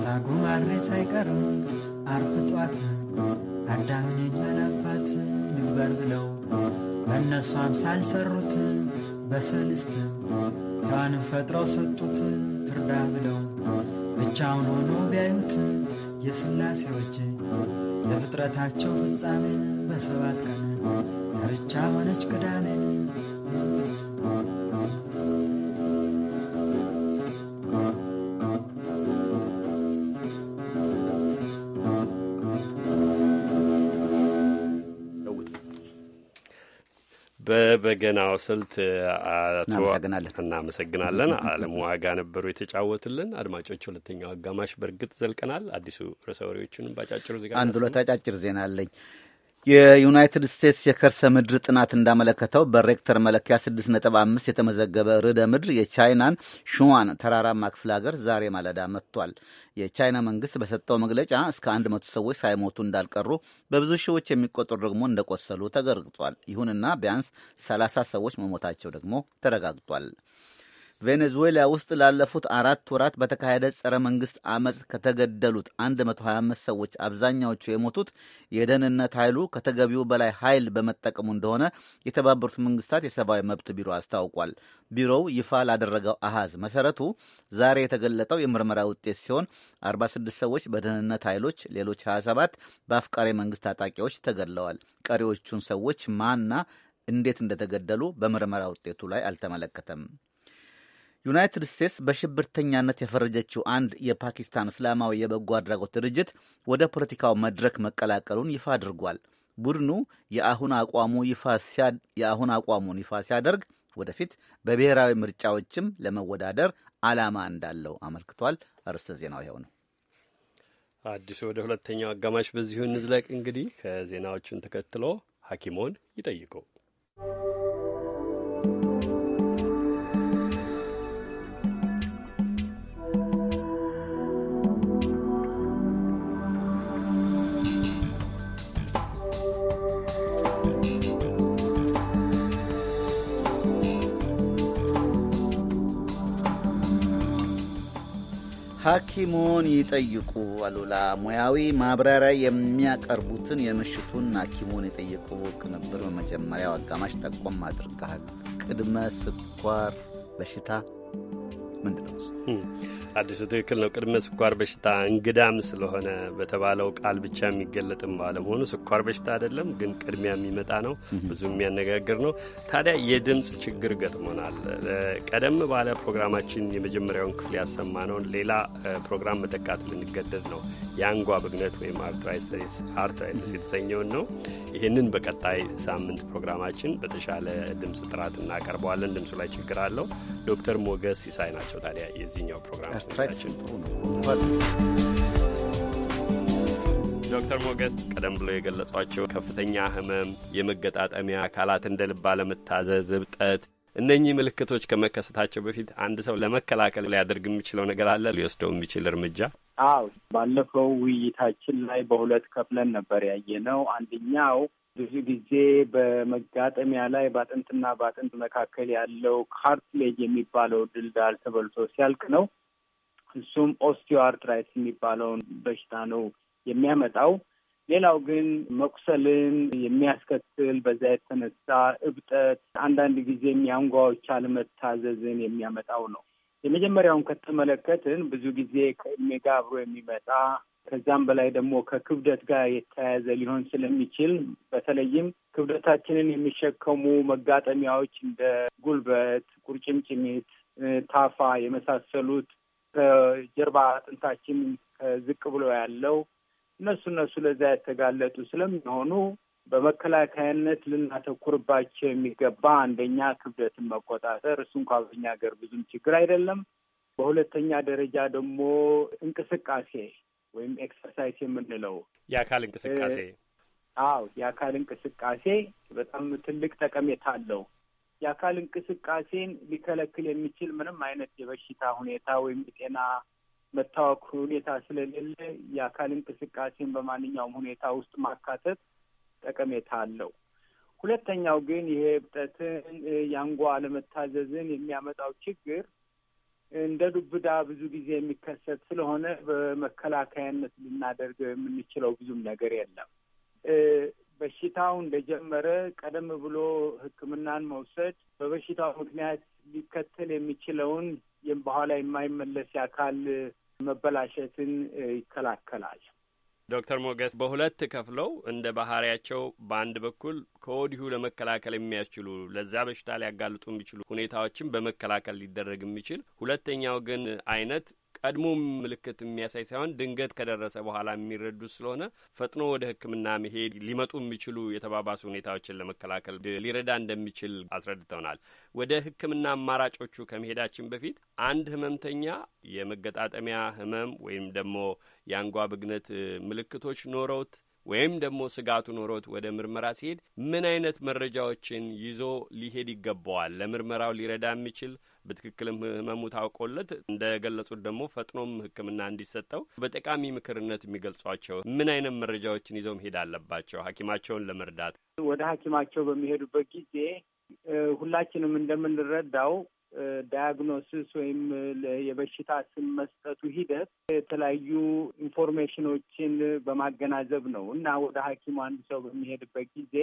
ዛጉ ማድሬት ሳይቀርም አርብ ጧት አዳምን ይበላባት ይግበር ብለው በእነሱ አምሳል ሰሩት በሰልስት ሔዋንን ፈጥረው ሰጡት ትርዳ ብለው ብቻውን ሆኖ ቢያዩት የሥላሴዎች ለፍጥረታቸው ፍጻሜን በሰባት ቀን ለብቻ ሆነች ቅዳሜን በበገናው ስልት እናመሰግናለን። አለም ዋጋ ነበሩ የተጫወትልን። አድማጮች፣ ሁለተኛው አጋማሽ በእርግጥ ዘልቀናል። አዲሱ ርዕሰ ወሬዎቹንም ባጫጭሩ ዜና አንድ ሁለት አጫጭር ዜና አለኝ። የዩናይትድ ስቴትስ የከርሰ ምድር ጥናት እንዳመለከተው በሬክተር መለኪያ 6.5 የተመዘገበ ርዕደ ምድር የቻይናን ሹዋን ተራራማ ክፍለ ሀገር ዛሬ ማለዳ መጥቷል። የቻይና መንግስት በሰጠው መግለጫ እስከ 100 ሰዎች ሳይሞቱ እንዳልቀሩ፣ በብዙ ሺዎች የሚቆጠሩ ደግሞ እንደቆሰሉ ተገልጿል። ይሁንና ቢያንስ 30 ሰዎች መሞታቸው ደግሞ ተረጋግጧል። ቬኔዙዌላ ውስጥ ላለፉት አራት ወራት በተካሄደ ጸረ መንግስት አመፅ ከተገደሉት 125 ሰዎች አብዛኛዎቹ የሞቱት የደህንነት ኃይሉ ከተገቢው በላይ ኃይል በመጠቀሙ እንደሆነ የተባበሩት መንግስታት የሰብአዊ መብት ቢሮ አስታውቋል። ቢሮው ይፋ ላደረገው አሃዝ መሰረቱ ዛሬ የተገለጠው የምርመራ ውጤት ሲሆን 46 ሰዎች በደህንነት ኃይሎች፣ ሌሎች 27 በአፍቃሪ መንግስት ታጣቂዎች ተገድለዋል። ቀሪዎቹን ሰዎች ማና እንዴት እንደተገደሉ በምርመራ ውጤቱ ላይ አልተመለከተም። ዩናይትድ ስቴትስ በሽብርተኛነት የፈረጀችው አንድ የፓኪስታን እስላማዊ የበጎ አድራጎት ድርጅት ወደ ፖለቲካው መድረክ መቀላቀሉን ይፋ አድርጓል። ቡድኑ የአሁን አቋሙ የአሁን አቋሙን ይፋ ሲያደርግ ወደፊት በብሔራዊ ምርጫዎችም ለመወዳደር ዓላማ እንዳለው አመልክቷል። አርዕስተ ዜናው ይኸው ነው። አዲሱ ወደ ሁለተኛው አጋማሽ በዚሁ እንዝለቅ። እንግዲህ ከዜናዎቹን ተከትሎ ሐኪሞን ይጠይቁ ሐኪሙን ይጠይቁ አሉላ ሙያዊ ማብራሪያ የሚያቀርቡትን የምሽቱን ሐኪሙን ይጠይቁ ቅንብር በመጀመሪያው አጋማሽ ጠቆም አድርገሃል። ቅድመ ስኳር በሽታ ምንድነው? አዲሱ ትክክል ነው። ቅድመ ስኳር በሽታ እንግዳም ስለሆነ በተባለው ቃል ብቻ የሚገለጥም ባለመሆኑ ስኳር በሽታ አይደለም፣ ግን ቅድሚያ የሚመጣ ነው። ብዙ የሚያነጋግር ነው። ታዲያ የድምፅ ችግር ገጥሞናል። ቀደም ባለ ፕሮግራማችን የመጀመሪያውን ክፍል ያሰማነውን ሌላ ፕሮግራም መተካት ልንገደድ ነው። የአንጓ ብግነት ወይም አርትራይትስ የተሰኘውን ነው። ይህንን በቀጣይ ሳምንት ፕሮግራማችን በተሻለ ድምፅ ጥራት እናቀርበዋለን። ድምፁ ላይ ችግር አለው። ዶክተር ሞገስ ሲሳይ ናቸው። ታዲያ የዚህኛው ፕሮግራም ስራችን ጥሩ ነው። ዶክተር ሞገስ ቀደም ብሎ የገለጿቸው ከፍተኛ ህመም፣ የመገጣጠሚያ አካላት እንደ ልብ አለመታዘዝ፣ እብጠት፣ እነኚህ ምልክቶች ከመከሰታቸው በፊት አንድ ሰው ለመከላከል ሊያደርግ የሚችለው ነገር አለ፣ ሊወስደው የሚችል እርምጃ? አዎ፣ ባለፈው ውይይታችን ላይ በሁለት ከፍለን ነበር ያየ አንደኛው ብዙ ጊዜ በመጋጠሚያ ላይ በአጥንትና በአጥንት መካከል ያለው ካርትሌጅ የሚባለው ድልዳል ተበልቶ ሲያልቅ ነው። እሱም ኦስቲዮአርትራይት የሚባለውን በሽታ ነው የሚያመጣው። ሌላው ግን መቁሰልን የሚያስከትል በዚያ የተነሳ እብጠት፣ አንዳንድ ጊዜ የአንጓዎች አለመታዘዝን የሚያመጣው ነው። የመጀመሪያውን ከተመለከትን ብዙ ጊዜ ከእድሜ ጋር አብሮ የሚመጣ ከዛም በላይ ደግሞ ከክብደት ጋር የተያያዘ ሊሆን ስለሚችል በተለይም ክብደታችንን የሚሸከሙ መጋጠሚያዎች እንደ ጉልበት፣ ቁርጭምጭሚት፣ ታፋ የመሳሰሉት ከጀርባ አጥንታችን ዝቅ ብሎ ያለው እነሱ እነሱ ለዛ የተጋለጡ ስለሚሆኑ በመከላከያነት ልናተኩርባቸው የሚገባ አንደኛ ክብደትን መቆጣጠር፣ እሱ እንኳ በኛ ሀገር ብዙም ችግር አይደለም። በሁለተኛ ደረጃ ደግሞ እንቅስቃሴ ወይም ኤክሰርሳይዝ የምንለው የአካል እንቅስቃሴ አው የአካል እንቅስቃሴ በጣም ትልቅ ጠቀሜታ አለው። የአካል እንቅስቃሴን ሊከለክል የሚችል ምንም አይነት የበሽታ ሁኔታ ወይም የጤና መታወክ ሁኔታ ስለሌለ የአካል እንቅስቃሴን በማንኛውም ሁኔታ ውስጥ ማካተት ጠቀሜታ አለው። ሁለተኛው ግን ይሄ እብጠትን፣ የአንጓ አለመታዘዝን የሚያመጣው ችግር እንደ ዱብዳ ብዙ ጊዜ የሚከሰት ስለሆነ በመከላከያነት ልናደርገው የምንችለው ብዙም ነገር የለም። በሽታው እንደጀመረ ቀደም ብሎ ሕክምናን መውሰድ በበሽታው ምክንያት ሊከተል የሚችለውን በኋላ የማይመለስ የአካል መበላሸትን ይከላከላል። ዶክተር ሞገስ በሁለት ከፍለው እንደ ባህሪያቸው በአንድ በኩል ከወዲሁ ለመከላከል የሚያስችሉ ለዚያ በሽታ ሊያጋልጡ የሚችሉ ሁኔታዎችን በመከላከል ሊደረግ የሚችል ሁለተኛው ግን አይነት ቀድሞ ምልክት የሚያሳይ ሳይሆን ድንገት ከደረሰ በኋላ የሚረዱ ስለሆነ ፈጥኖ ወደ ሕክምና መሄድ ሊመጡ የሚችሉ የተባባሱ ሁኔታዎችን ለመከላከል ሊረዳ እንደሚችል አስረድተውናል። ወደ ሕክምና አማራጮቹ ከመሄዳችን በፊት አንድ ህመምተኛ የመገጣጠሚያ ህመም ወይም ደግሞ የአንጓ ብግነት ምልክቶች ኖረውት ወይም ደግሞ ስጋቱ ኖሮት ወደ ምርመራ ሲሄድ ምን አይነት መረጃዎችን ይዞ ሊሄድ ይገባዋል? ለምርመራው ሊረዳ የሚችል በትክክልም ህመሙ ታውቆለት እንደ ገለጹት ደግሞ ፈጥኖም ሕክምና እንዲሰጠው በጠቃሚ ምክርነት የሚገልጿቸው ምን አይነት መረጃዎችን ይዘው መሄድ አለባቸው? ሐኪማቸውን ለመርዳት ወደ ሐኪማቸው በሚሄዱበት ጊዜ ሁላችንም እንደምንረዳው ዳያግኖሲስ ወይም የበሽታ ስም መስጠቱ ሂደት የተለያዩ ኢንፎርሜሽኖችን በማገናዘብ ነው እና ወደ ሐኪሙ አንድ ሰው በሚሄድበት ጊዜ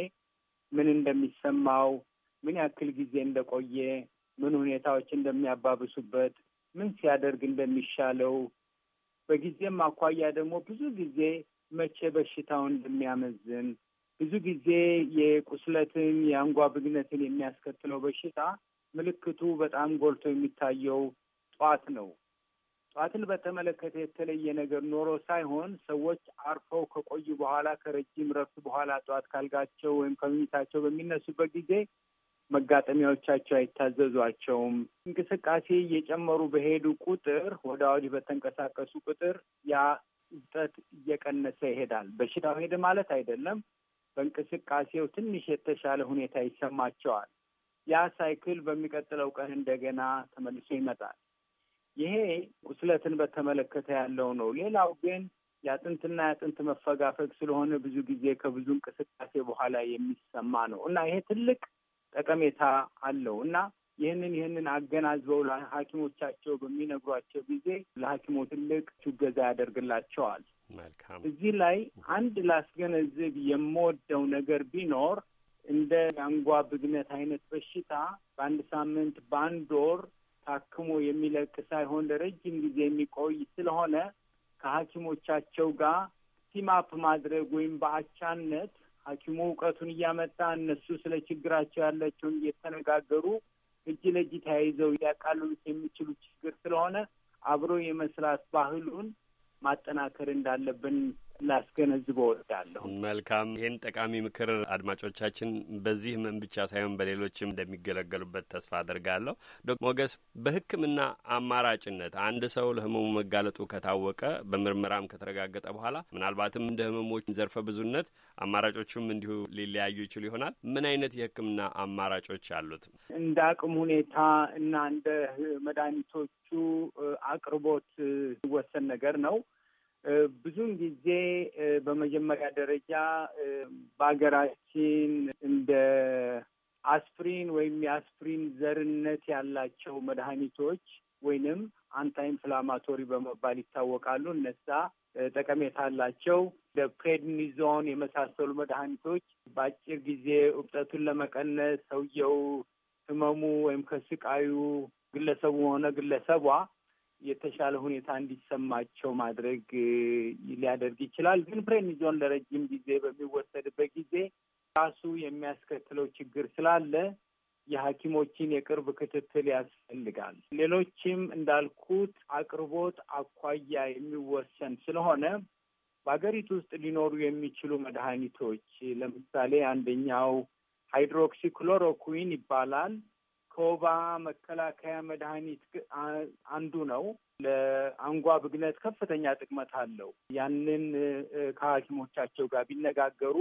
ምን እንደሚሰማው፣ ምን ያክል ጊዜ እንደቆየ፣ ምን ሁኔታዎች እንደሚያባብሱበት፣ ምን ሲያደርግ እንደሚሻለው በጊዜም አኳያ ደግሞ ብዙ ጊዜ መቼ በሽታውን እንደሚያመዝን ብዙ ጊዜ የቁስለትን የአንጓ ብግነትን የሚያስከትለው በሽታ ምልክቱ በጣም ጎልቶ የሚታየው ጧት ነው። ጧትን በተመለከተ የተለየ ነገር ኖሮ ሳይሆን ሰዎች አርፈው ከቆዩ በኋላ ከረጅም ረፍት በኋላ ጧት ካልጋቸው ወይም ከመኝታቸው በሚነሱበት ጊዜ መጋጠሚያዎቻቸው አይታዘዟቸውም። እንቅስቃሴ እየጨመሩ በሄዱ ቁጥር ወደ አውዲህ በተንቀሳቀሱ ቁጥር ያ እብጠት እየቀነሰ ይሄዳል። በሽታው ሄደ ማለት አይደለም። በእንቅስቃሴው ትንሽ የተሻለ ሁኔታ ይሰማቸዋል። ያ ሳይክል በሚቀጥለው ቀን እንደገና ተመልሶ ይመጣል። ይሄ ቁስለትን በተመለከተ ያለው ነው። ሌላው ግን የአጥንትና የአጥንት መፈጋፈግ ስለሆነ ብዙ ጊዜ ከብዙ እንቅስቃሴ በኋላ የሚሰማ ነው እና ይሄ ትልቅ ጠቀሜታ አለው እና ይህንን ይህንን አገናዝበው ለሐኪሞቻቸው በሚነግሯቸው ጊዜ ለሐኪሙ ትልቅ እገዛ ያደርግላቸዋል። መልካም። እዚህ ላይ አንድ ላስገነዝብ የምወደው ነገር ቢኖር እንደ አንጓ ብግነት አይነት በሽታ በአንድ ሳምንት በአንድ ወር ታክሞ የሚለቅ ሳይሆን ለረጅም ጊዜ የሚቆይ ስለሆነ ከሐኪሞቻቸው ጋር ሲማፕ ማድረግ ወይም በአቻነት ሐኪሙ እውቀቱን እያመጣ እነሱ ስለ ችግራቸው ያላቸውን እየተነጋገሩ እጅ ለእጅ ተያይዘው ሊያቃልሉት የሚችሉ ችግር ስለሆነ አብሮ የመስራት ባህሉን ማጠናከር እንዳለብን ላስገነዝብ መልካም። ይህን ጠቃሚ ምክር አድማጮቻችን በዚህ ህመም ብቻ ሳይሆን በሌሎችም እንደሚገለገሉበት ተስፋ አድርጋለሁ። ዶክ ሞገስ በህክምና አማራጭነት አንድ ሰው ለህመሙ መጋለጡ ከታወቀ በምርመራም ከተረጋገጠ በኋላ ምናልባትም እንደ ህመሞች ዘርፈ ብዙነት አማራጮቹም እንዲሁ ሊለያዩ ይችሉ ይሆናል። ምን አይነት የህክምና አማራጮች አሉት? እንደ አቅም ሁኔታ እና እንደ መድኃኒቶቹ አቅርቦት ይወሰን ነገር ነው። ብዙን ጊዜ በመጀመሪያ ደረጃ በሀገራችን እንደ አስፕሪን ወይም የአስፕሪን ዘርነት ያላቸው መድኃኒቶች ወይንም አንታይ ኢንፍላማቶሪ በመባል ይታወቃሉ። እነሳ ጠቀሜታ አላቸው። ፕሬድኒዞን የመሳሰሉ መድኃኒቶች በአጭር ጊዜ እብጠቱን ለመቀነስ ሰውየው ህመሙ ወይም ከስቃዩ ግለሰቡ ሆነ ግለሰቧ የተሻለ ሁኔታ እንዲሰማቸው ማድረግ ሊያደርግ ይችላል። ግን ፕሬኒዞን ለረጅም ጊዜ በሚወሰድበት ጊዜ ራሱ የሚያስከትለው ችግር ስላለ የሐኪሞችን የቅርብ ክትትል ያስፈልጋል። ሌሎችም እንዳልኩት አቅርቦት አኳያ የሚወሰን ስለሆነ በሀገሪቱ ውስጥ ሊኖሩ የሚችሉ መድኃኒቶች ለምሳሌ አንደኛው ሃይድሮክሲ ይባላል። ከወባ መከላከያ መድኃኒት አንዱ ነው። ለአንጓ ብግነት ከፍተኛ ጥቅመት አለው። ያንን ከሐኪሞቻቸው ጋር ቢነጋገሩ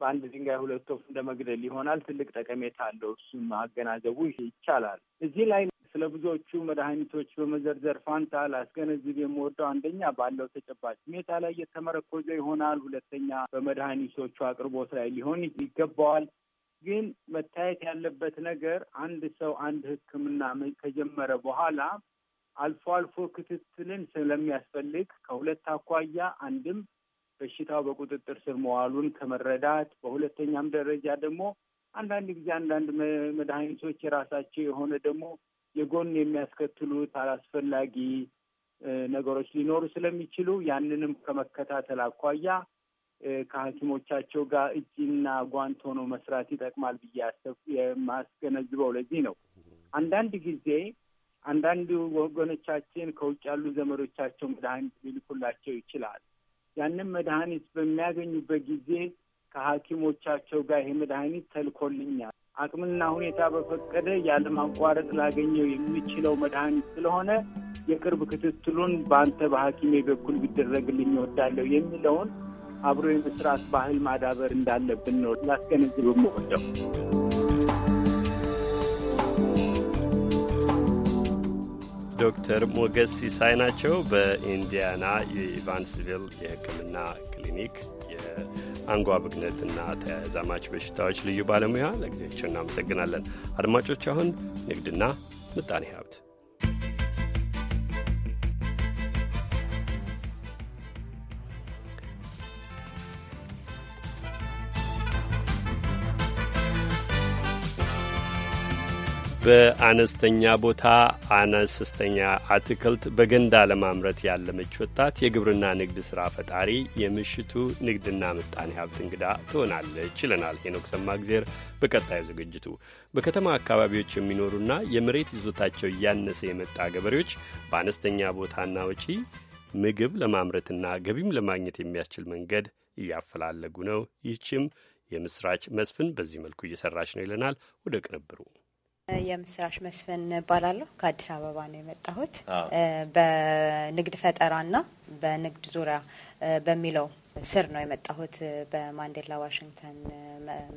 በአንድ ድንጋይ ሁለት ወፍ እንደ መግደል ይሆናል። ትልቅ ጠቀሜታ አለው። እሱም ማገናዘቡ ይቻላል። እዚህ ላይ ስለ ብዙዎቹ መድኃኒቶች በመዘርዘር ፋንታ ላስገነዝብ የምወደው አንደኛ ባለው ተጨባጭ ሁኔታ ላይ የተመረኮዘ ይሆናል። ሁለተኛ በመድኃኒቶቹ አቅርቦት ላይ ሊሆን ይገባዋል። ግን መታየት ያለበት ነገር አንድ ሰው አንድ ሕክምና ከጀመረ በኋላ አልፎ አልፎ ክትትልን ስለሚያስፈልግ ከሁለት አኳያ አንድም በሽታው በቁጥጥር ስር መዋሉን ከመረዳት በሁለተኛም ደረጃ ደግሞ አንዳንድ ጊዜ አንዳንድ መድኃኒቶች የራሳቸው የሆነ ደግሞ የጎን የሚያስከትሉት አላስፈላጊ ነገሮች ሊኖሩ ስለሚችሉ ያንንም ከመከታተል አኳያ ከሐኪሞቻቸው ጋር እጅና ጓንት ሆኖ መስራት ይጠቅማል ብዬ አሰብ የማስገነዝበው ለዚህ ነው። አንዳንድ ጊዜ አንዳንድ ወገኖቻችን ከውጭ ያሉ ዘመዶቻቸው መድኃኒት ሊልኩላቸው ይችላል። ያንን መድኃኒት በሚያገኙበት ጊዜ ከሐኪሞቻቸው ጋር ይሄ መድኃኒት ተልኮልኛል፣ አቅምና ሁኔታ በፈቀደ ያለማቋረጥ ላገኘው የሚችለው መድኃኒት ስለሆነ የቅርብ ክትትሉን በአንተ በሐኪሜ በኩል ቢደረግልኝ እወዳለሁ የሚለውን አብሮ የመስራት ባህል ማዳበር እንዳለብን ነው ላስገነዝብ የምወደው። ዶክተር ሞገስ ሲሳይ ናቸው። በኢንዲያና የኢቫንስቪል የሕክምና ክሊኒክ የአንጓ ብክነትና ተያያዛማች በሽታዎች ልዩ ባለሙያ። ለጊዜያቸው እናመሰግናለን። አድማጮች፣ አሁን ንግድና ምጣኔ ሀብት በአነስተኛ ቦታ አነስተኛ አትክልት በገንዳ ለማምረት ያለመች ወጣት የግብርና ንግድ ሥራ ፈጣሪ የምሽቱ ንግድና ምጣኔ ሀብት እንግዳ ትሆናለች ይለናል ሄኖክ ሰማግዜር በቀጣዩ ዝግጅቱ። በከተማ አካባቢዎች የሚኖሩና የመሬት ይዞታቸው እያነሰ የመጣ ገበሬዎች በአነስተኛ ቦታና ወጪ ምግብ ለማምረትና ገቢም ለማግኘት የሚያስችል መንገድ እያፈላለጉ ነው። ይህችም የምስራች መስፍን በዚህ መልኩ እየሰራች ነው ይለናል። ወደ ቅንብሩ የምስራች መስፍን እባላለሁ። ከአዲስ አበባ ነው የመጣሁት። በንግድ ፈጠራና በንግድ ዙሪያ በሚለው ስር ነው የመጣሁት በማንዴላ ዋሽንግተን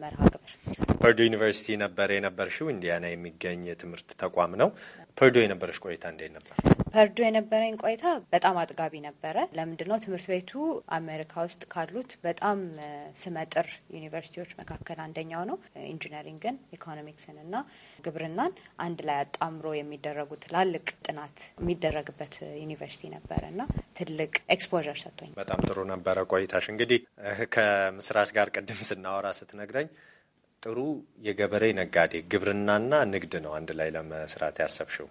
መርሃ ግብር። ፐርዶ ዩኒቨርሲቲ ነበር የነበርሽው። ኢንዲያና የሚገኝ የትምህርት ተቋም ነው። ፐርዶ የነበረች ቆይታ እንዴት ነበር? ፐርዱ የነበረኝ ቆይታ በጣም አጥጋቢ ነበረ። ለምንድን ነው ትምህርት ቤቱ አሜሪካ ውስጥ ካሉት በጣም ስመጥር ዩኒቨርሲቲዎች መካከል አንደኛው ነው። ኢንጂነሪንግን፣ ኢኮኖሚክስን እና ግብርናን አንድ ላይ አጣምሮ የሚደረጉ ትላልቅ ጥናት የሚደረግበት ዩኒቨርሲቲ ነበረ እና ትልቅ ኤክስፖዠር ሰጥቶኝ በጣም ጥሩ ነበረ ቆይታሽ። እንግዲህ ከምስራች ጋር ቅድም ስናወራ ስትነግረኝ ጥሩ የገበሬ ነጋዴ ግብርናና ንግድ ነው አንድ ላይ ለመስራት ያሰብሽው።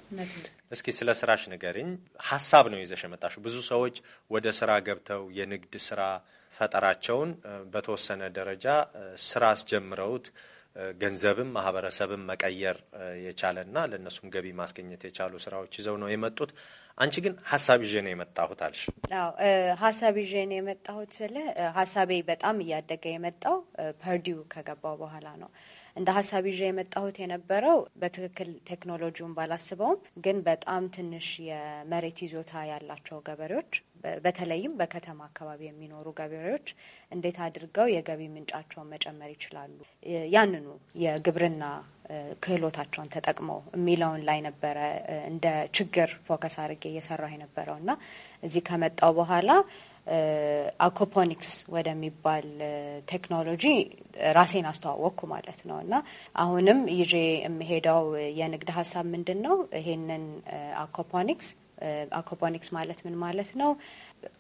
እስኪ ስለ ስራሽ ንገሪኝ። ሀሳብ ነው ይዘሽ የመጣሽው። ብዙ ሰዎች ወደ ስራ ገብተው የንግድ ስራ ፈጠራቸውን በተወሰነ ደረጃ ስራ አስጀምረውት ገንዘብም ማህበረሰብም መቀየር የቻለና ለእነሱም ገቢ ማስገኘት የቻሉ ስራዎች ይዘው ነው የመጡት። አንቺ ግን ሀሳብ ይዤ ነው የመጣሁት አልሽ። አዎ ሀሳብ ይዤ ነው የመጣሁት ስለ ሀሳቤ በጣም እያደገ የመጣው ፐርዲው ከገባው በኋላ ነው። እንደ ሀሳብ ይዤ የመጣሁት የነበረው በትክክል ቴክኖሎጂውን ባላስበውም ግን በጣም ትንሽ የመሬት ይዞታ ያላቸው ገበሬዎች በተለይም በከተማ አካባቢ የሚኖሩ ገበሬዎች እንዴት አድርገው የገቢ ምንጫቸውን መጨመር ይችላሉ፣ ያንኑ የግብርና ክህሎታቸውን ተጠቅመው የሚለውን ላይ ነበረ እንደ ችግር ፎከስ አድርጌ እየሰራሁ የነበረው እና እዚህ ከመጣው በኋላ አኮፖኒክስ ወደሚባል ቴክኖሎጂ ራሴን አስተዋወቅኩ ማለት ነው። እና አሁንም ይዤ የምሄደው የንግድ ሀሳብ ምንድን ነው? ይሄንን አኮፖኒክስ አኮፖኒክስ ማለት ምን ማለት ነው?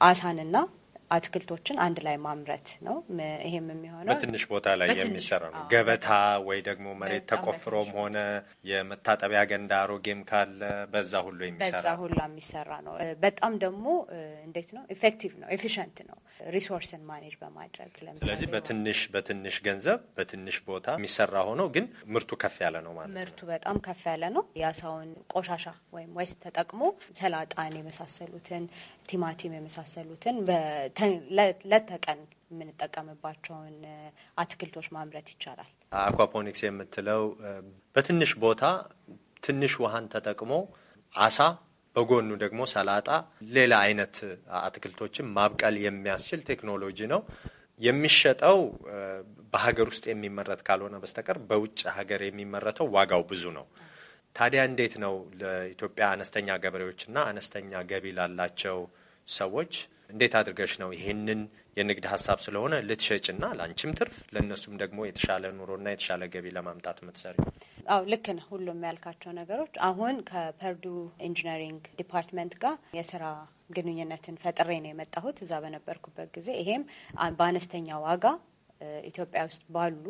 አሳንና አትክልቶችን አንድ ላይ ማምረት ነው። ይሄም የሚሆነው በትንሽ ቦታ ላይ የሚሰራ ነው። ገበታ ወይ ደግሞ መሬት ተቆፍሮም ሆነ የመታጠቢያ ገንዳ አሮጌም ካለ በዛ ሁሉ የሚሰራ በዛ ሁሉ የሚሰራ ነው። በጣም ደግሞ እንዴት ነው ኢፌክቲቭ ነው፣ ኤፊሽንት ነው። ሪሶርስን ማኔጅ በማድረግ ለምሳሌ ስለዚህ በትንሽ በትንሽ ገንዘብ በትንሽ ቦታ የሚሰራ ሆኖ ግን ምርቱ ከፍ ያለ ነው ማለት ነው። ምርቱ በጣም ከፍ ያለ ነው። የአሳውን ቆሻሻ ወይም ዌስት ተጠቅሞ ሰላጣን የመሳሰሉትን ቲማቲም የመሳሰሉትን ለተቀን የምንጠቀምባቸውን አትክልቶች ማምረት ይቻላል። አኳፖኒክስ የምትለው በትንሽ ቦታ ትንሽ ውሃን ተጠቅሞ አሳ በጎኑ ደግሞ ሰላጣ፣ ሌላ አይነት አትክልቶችን ማብቀል የሚያስችል ቴክኖሎጂ ነው። የሚሸጠው በሀገር ውስጥ የሚመረት ካልሆነ በስተቀር በውጭ ሀገር የሚመረተው ዋጋው ብዙ ነው። ታዲያ እንዴት ነው ለኢትዮጵያ አነስተኛ ገበሬዎችና አነስተኛ ገቢ ላላቸው ሰዎች እንዴት አድርገሽ ነው ይሄንን የንግድ ሀሳብ ስለሆነ ልትሸጭና ለአንቺም ትርፍ ለእነሱም ደግሞ የተሻለ ኑሮና የተሻለ ገቢ ለማምጣት የምትሰሪ? አው ልክ ነው። ሁሉም ያልካቸው ነገሮች አሁን ከፐርዱ ኢንጂነሪንግ ዲፓርትመንት ጋር የስራ ግንኙነትን ፈጥሬ ነው የመጣሁት እዛ በነበርኩበት ጊዜ። ይሄም በአነስተኛ ዋጋ ኢትዮጵያ ውስጥ ባሉ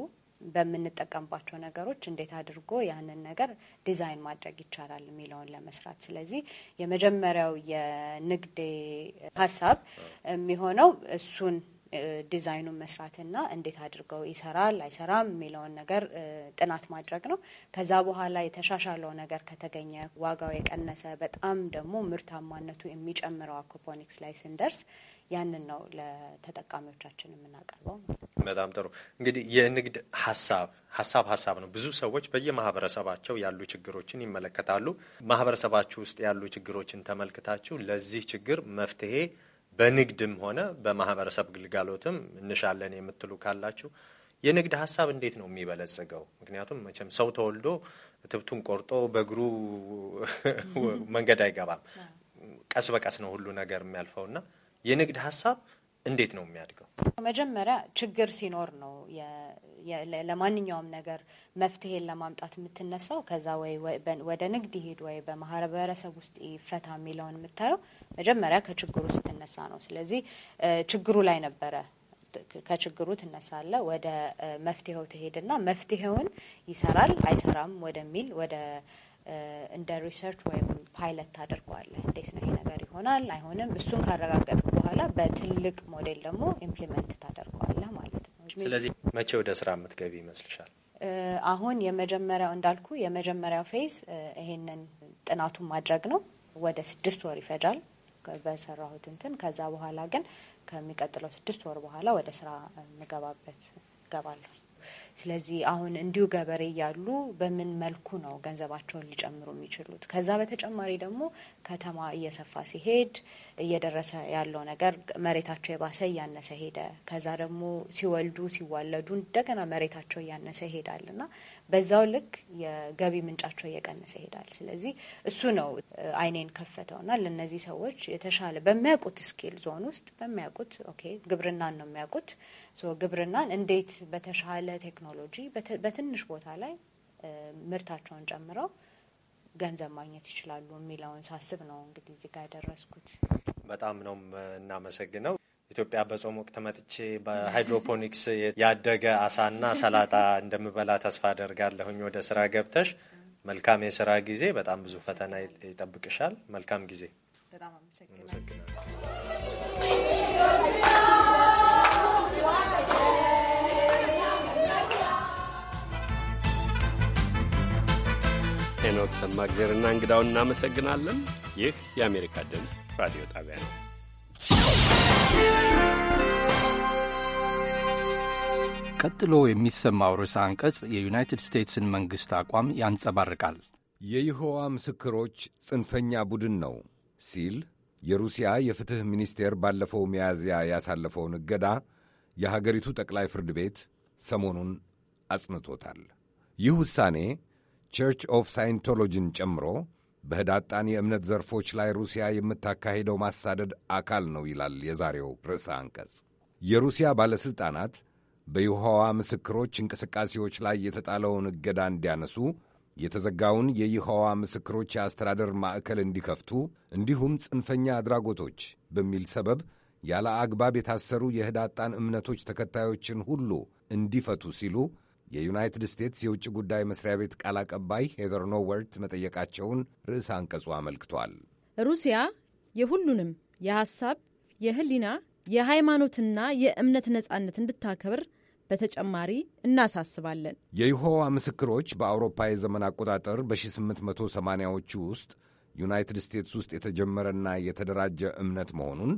በምንጠቀምባቸው ነገሮች እንዴት አድርጎ ያንን ነገር ዲዛይን ማድረግ ይቻላል የሚለውን ለመስራት። ስለዚህ የመጀመሪያው የንግዴ ሀሳብ የሚሆነው እሱን ዲዛይኑን መስራትና እንዴት አድርገው ይሰራል አይሰራም የሚለውን ነገር ጥናት ማድረግ ነው። ከዛ በኋላ የተሻሻለው ነገር ከተገኘ ዋጋው የቀነሰ በጣም ደግሞ ምርታማነቱ የሚጨምረው አኩፖኒክስ ላይ ስንደርስ ያንን ነው ለተጠቃሚዎቻችን የምናቀርበው። በጣም ጥሩ እንግዲህ የንግድ ሀሳብ ሀሳብ ሀሳብ ነው። ብዙ ሰዎች በየማህበረሰባቸው ያሉ ችግሮችን ይመለከታሉ። ማህበረሰባችሁ ውስጥ ያሉ ችግሮችን ተመልክታችሁ ለዚህ ችግር መፍትሄ በንግድም ሆነ በማህበረሰብ ግልጋሎትም እንሻለን የምትሉ ካላችሁ የንግድ ሀሳብ እንዴት ነው የሚበለጽገው? ምክንያቱም መቼም ሰው ተወልዶ ትብቱን ቆርጦ በእግሩ መንገድ አይገባም። ቀስ በቀስ ነው ሁሉ ነገር የሚያልፈውና የንግድ ሀሳብ እንዴት ነው የሚያድገው? መጀመሪያ ችግር ሲኖር ነው ለማንኛውም ነገር መፍትሄን ለማምጣት የምትነሳው። ከዛ ወይ ወደ ንግድ ይሄድ ወይ በማህበረሰብ ውስጥ ይፈታ የሚለውን የምታየው መጀመሪያ ከችግሩ ስትነሳ ነው። ስለዚህ ችግሩ ላይ ነበረ ከችግሩ ትነሳለ ወደ መፍትሄው ትሄድና መፍትሄውን ይሰራል አይሰራም ወደሚል ወደ እንደ ሪሰርች ወይም ፓይለት ታደርገዋለህ። እንዴት ነው ይሄ ነገር ይሆናል አይሆንም፣ እሱን ካረጋገጥኩ በኋላ በትልቅ ሞዴል ደግሞ ኢምፕሊመንት ታደርገዋለህ ማለት ነው። ስለዚህ መቼ ወደ ስራ የምትገቢ ይመስልሻል? አሁን የመጀመሪያው እንዳልኩ የመጀመሪያው ፌዝ ይሄንን ጥናቱን ማድረግ ነው። ወደ ስድስት ወር ይፈጃል በሰራሁት እንትን። ከዛ በኋላ ግን ከሚቀጥለው ስድስት ወር በኋላ ወደ ስራ ምገባበት ገባለሁ። ስለዚህ አሁን እንዲሁ ገበሬ እያሉ በምን መልኩ ነው ገንዘባቸውን ሊጨምሩ የሚችሉት? ከዛ በተጨማሪ ደግሞ ከተማ እየሰፋ ሲሄድ እየደረሰ ያለው ነገር መሬታቸው የባሰ እያነሰ ሄደ። ከዛ ደግሞ ሲወልዱ ሲዋለዱ እንደገና መሬታቸው እያነሰ ይሄዳል እና በዛው ልክ የገቢ ምንጫቸው እየቀነሰ ይሄዳል። ስለዚህ እሱ ነው አይኔን ከፈተው ና ለእነዚህ ሰዎች የተሻለ በሚያውቁት ስኪል ዞን ውስጥ በሚያውቁት ኦኬ ግብርናን ነው የሚያውቁት ግብርናን እንዴት በተሻለ ቴክኖሎጂ በትንሽ ቦታ ላይ ምርታቸውን ጨምረው ገንዘብ ማግኘት ይችላሉ የሚለውን ሳስብ ነው እንግዲህ እዚህ ጋር ያደረስኩት። በጣም ነው እናመሰግነው። ኢትዮጵያ በጾም ወቅት መጥቼ በሃይድሮፖኒክስ ያደገ አሳና ሰላጣ እንደምበላ ተስፋ አደርጋለሁኝ። ወደ ስራ ገብተሽ መልካም የስራ ጊዜ። በጣም ብዙ ፈተና ይጠብቅሻል። መልካም ጊዜ። ሄኖክ ሰማእግዜርና እንግዳውን እናመሰግናለን። ይህ የአሜሪካ ድምፅ ራዲዮ ጣቢያ ነው። ቀጥሎ የሚሰማው ርዕሰ አንቀጽ የዩናይትድ ስቴትስን መንግሥት አቋም ያንጸባርቃል። የይሖዋ ምስክሮች ጽንፈኛ ቡድን ነው ሲል የሩሲያ የፍትሕ ሚኒስቴር ባለፈው ሚያዝያ ያሳለፈውን እገዳ የሀገሪቱ ጠቅላይ ፍርድ ቤት ሰሞኑን አጽንቶታል። ይህ ውሳኔ ቸርች ኦፍ ሳይንቶሎጂን ጨምሮ በህዳጣን የእምነት ዘርፎች ላይ ሩሲያ የምታካሄደው ማሳደድ አካል ነው ይላል የዛሬው ርዕሰ አንቀጽ። የሩሲያ ባለሥልጣናት በይሖዋ ምስክሮች እንቅስቃሴዎች ላይ የተጣለውን እገዳ እንዲያነሱ፣ የተዘጋውን የይሖዋ ምስክሮች የአስተዳደር ማዕከል እንዲከፍቱ፣ እንዲሁም ጽንፈኛ አድራጎቶች በሚል ሰበብ ያለ አግባብ የታሰሩ የህዳጣን እምነቶች ተከታዮችን ሁሉ እንዲፈቱ ሲሉ የዩናይትድ ስቴትስ የውጭ ጉዳይ መስሪያ ቤት ቃል አቀባይ ሄዘር ኖወርት መጠየቃቸውን ርዕሰ አንቀጹ አመልክቷል። ሩሲያ የሁሉንም የሐሳብ፣ የህሊና፣ የሃይማኖትና የእምነት ነጻነት እንድታከብር በተጨማሪ እናሳስባለን። የይሖዋ ምስክሮች በአውሮፓ የዘመን አቆጣጠር በ1880ዎቹ ውስጥ ዩናይትድ ስቴትስ ውስጥ የተጀመረና የተደራጀ እምነት መሆኑን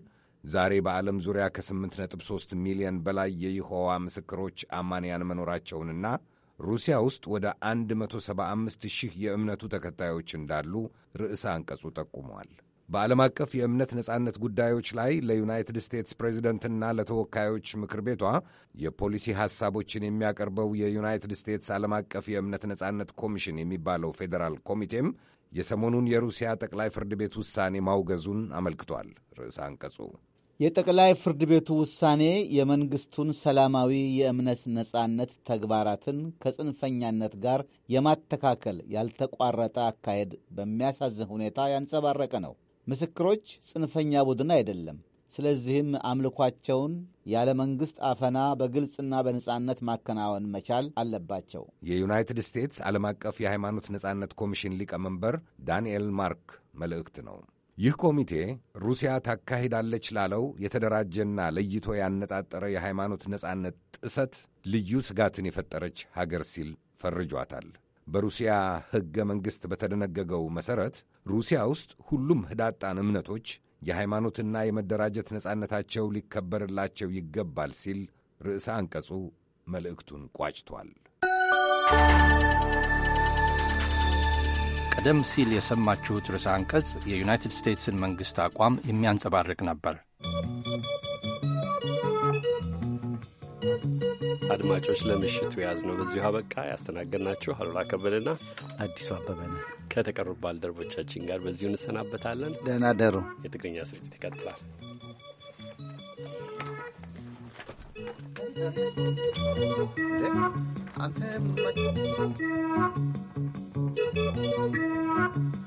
ዛሬ በዓለም ዙሪያ ከ8.3 ሚሊዮን በላይ የይሖዋ ምስክሮች አማንያን መኖራቸውንና ሩሲያ ውስጥ ወደ 175 ሺህ የእምነቱ ተከታዮች እንዳሉ ርዕሰ አንቀጹ ጠቁመዋል። በዓለም አቀፍ የእምነት ነጻነት ጉዳዮች ላይ ለዩናይትድ ስቴትስ ፕሬዚደንትና ለተወካዮች ምክር ቤቷ የፖሊሲ ሐሳቦችን የሚያቀርበው የዩናይትድ ስቴትስ ዓለም አቀፍ የእምነት ነጻነት ኮሚሽን የሚባለው ፌዴራል ኮሚቴም የሰሞኑን የሩሲያ ጠቅላይ ፍርድ ቤት ውሳኔ ማውገዙን አመልክቷል ርዕሰ አንቀጹ። የጠቅላይ ፍርድ ቤቱ ውሳኔ የመንግስቱን ሰላማዊ የእምነት ነጻነት ተግባራትን ከጽንፈኛነት ጋር የማተካከል ያልተቋረጠ አካሄድ በሚያሳዝን ሁኔታ ያንጸባረቀ ነው። ምስክሮች ጽንፈኛ ቡድን አይደለም። ስለዚህም አምልኳቸውን ያለ መንግሥት አፈና በግልጽና በነጻነት ማከናወን መቻል አለባቸው። የዩናይትድ ስቴትስ ዓለም አቀፍ የሃይማኖት ነጻነት ኮሚሽን ሊቀመንበር ዳንኤል ማርክ መልእክት ነው። ይህ ኮሚቴ ሩሲያ ታካሂዳለች ላለው የተደራጀና ለይቶ ያነጣጠረ የሃይማኖት ነጻነት ጥሰት ልዩ ስጋትን የፈጠረች ሀገር ሲል ፈርጇታል። በሩሲያ ሕገ መንግሥት በተደነገገው መሠረት ሩሲያ ውስጥ ሁሉም ህዳጣን እምነቶች የሃይማኖትና የመደራጀት ነጻነታቸው ሊከበርላቸው ይገባል ሲል ርዕሰ አንቀጹ መልእክቱን ቋጭቷል። ቀደም ሲል የሰማችሁት ርዕሰ አንቀጽ የዩናይትድ ስቴትስን መንግሥት አቋም የሚያንጸባርቅ ነበር። አድማጮች ለምሽቱ የያዝነው በዚሁ አበቃ። ያስተናገድናችሁ አሉላ ከበደና አዲሱ አበበነ ከተቀሩ ባልደረቦቻችን ጋር በዚሁ እንሰናበታለን። ደህና ደሩ። የትግርኛ ስርጭት ይቀጥላል። Thank you.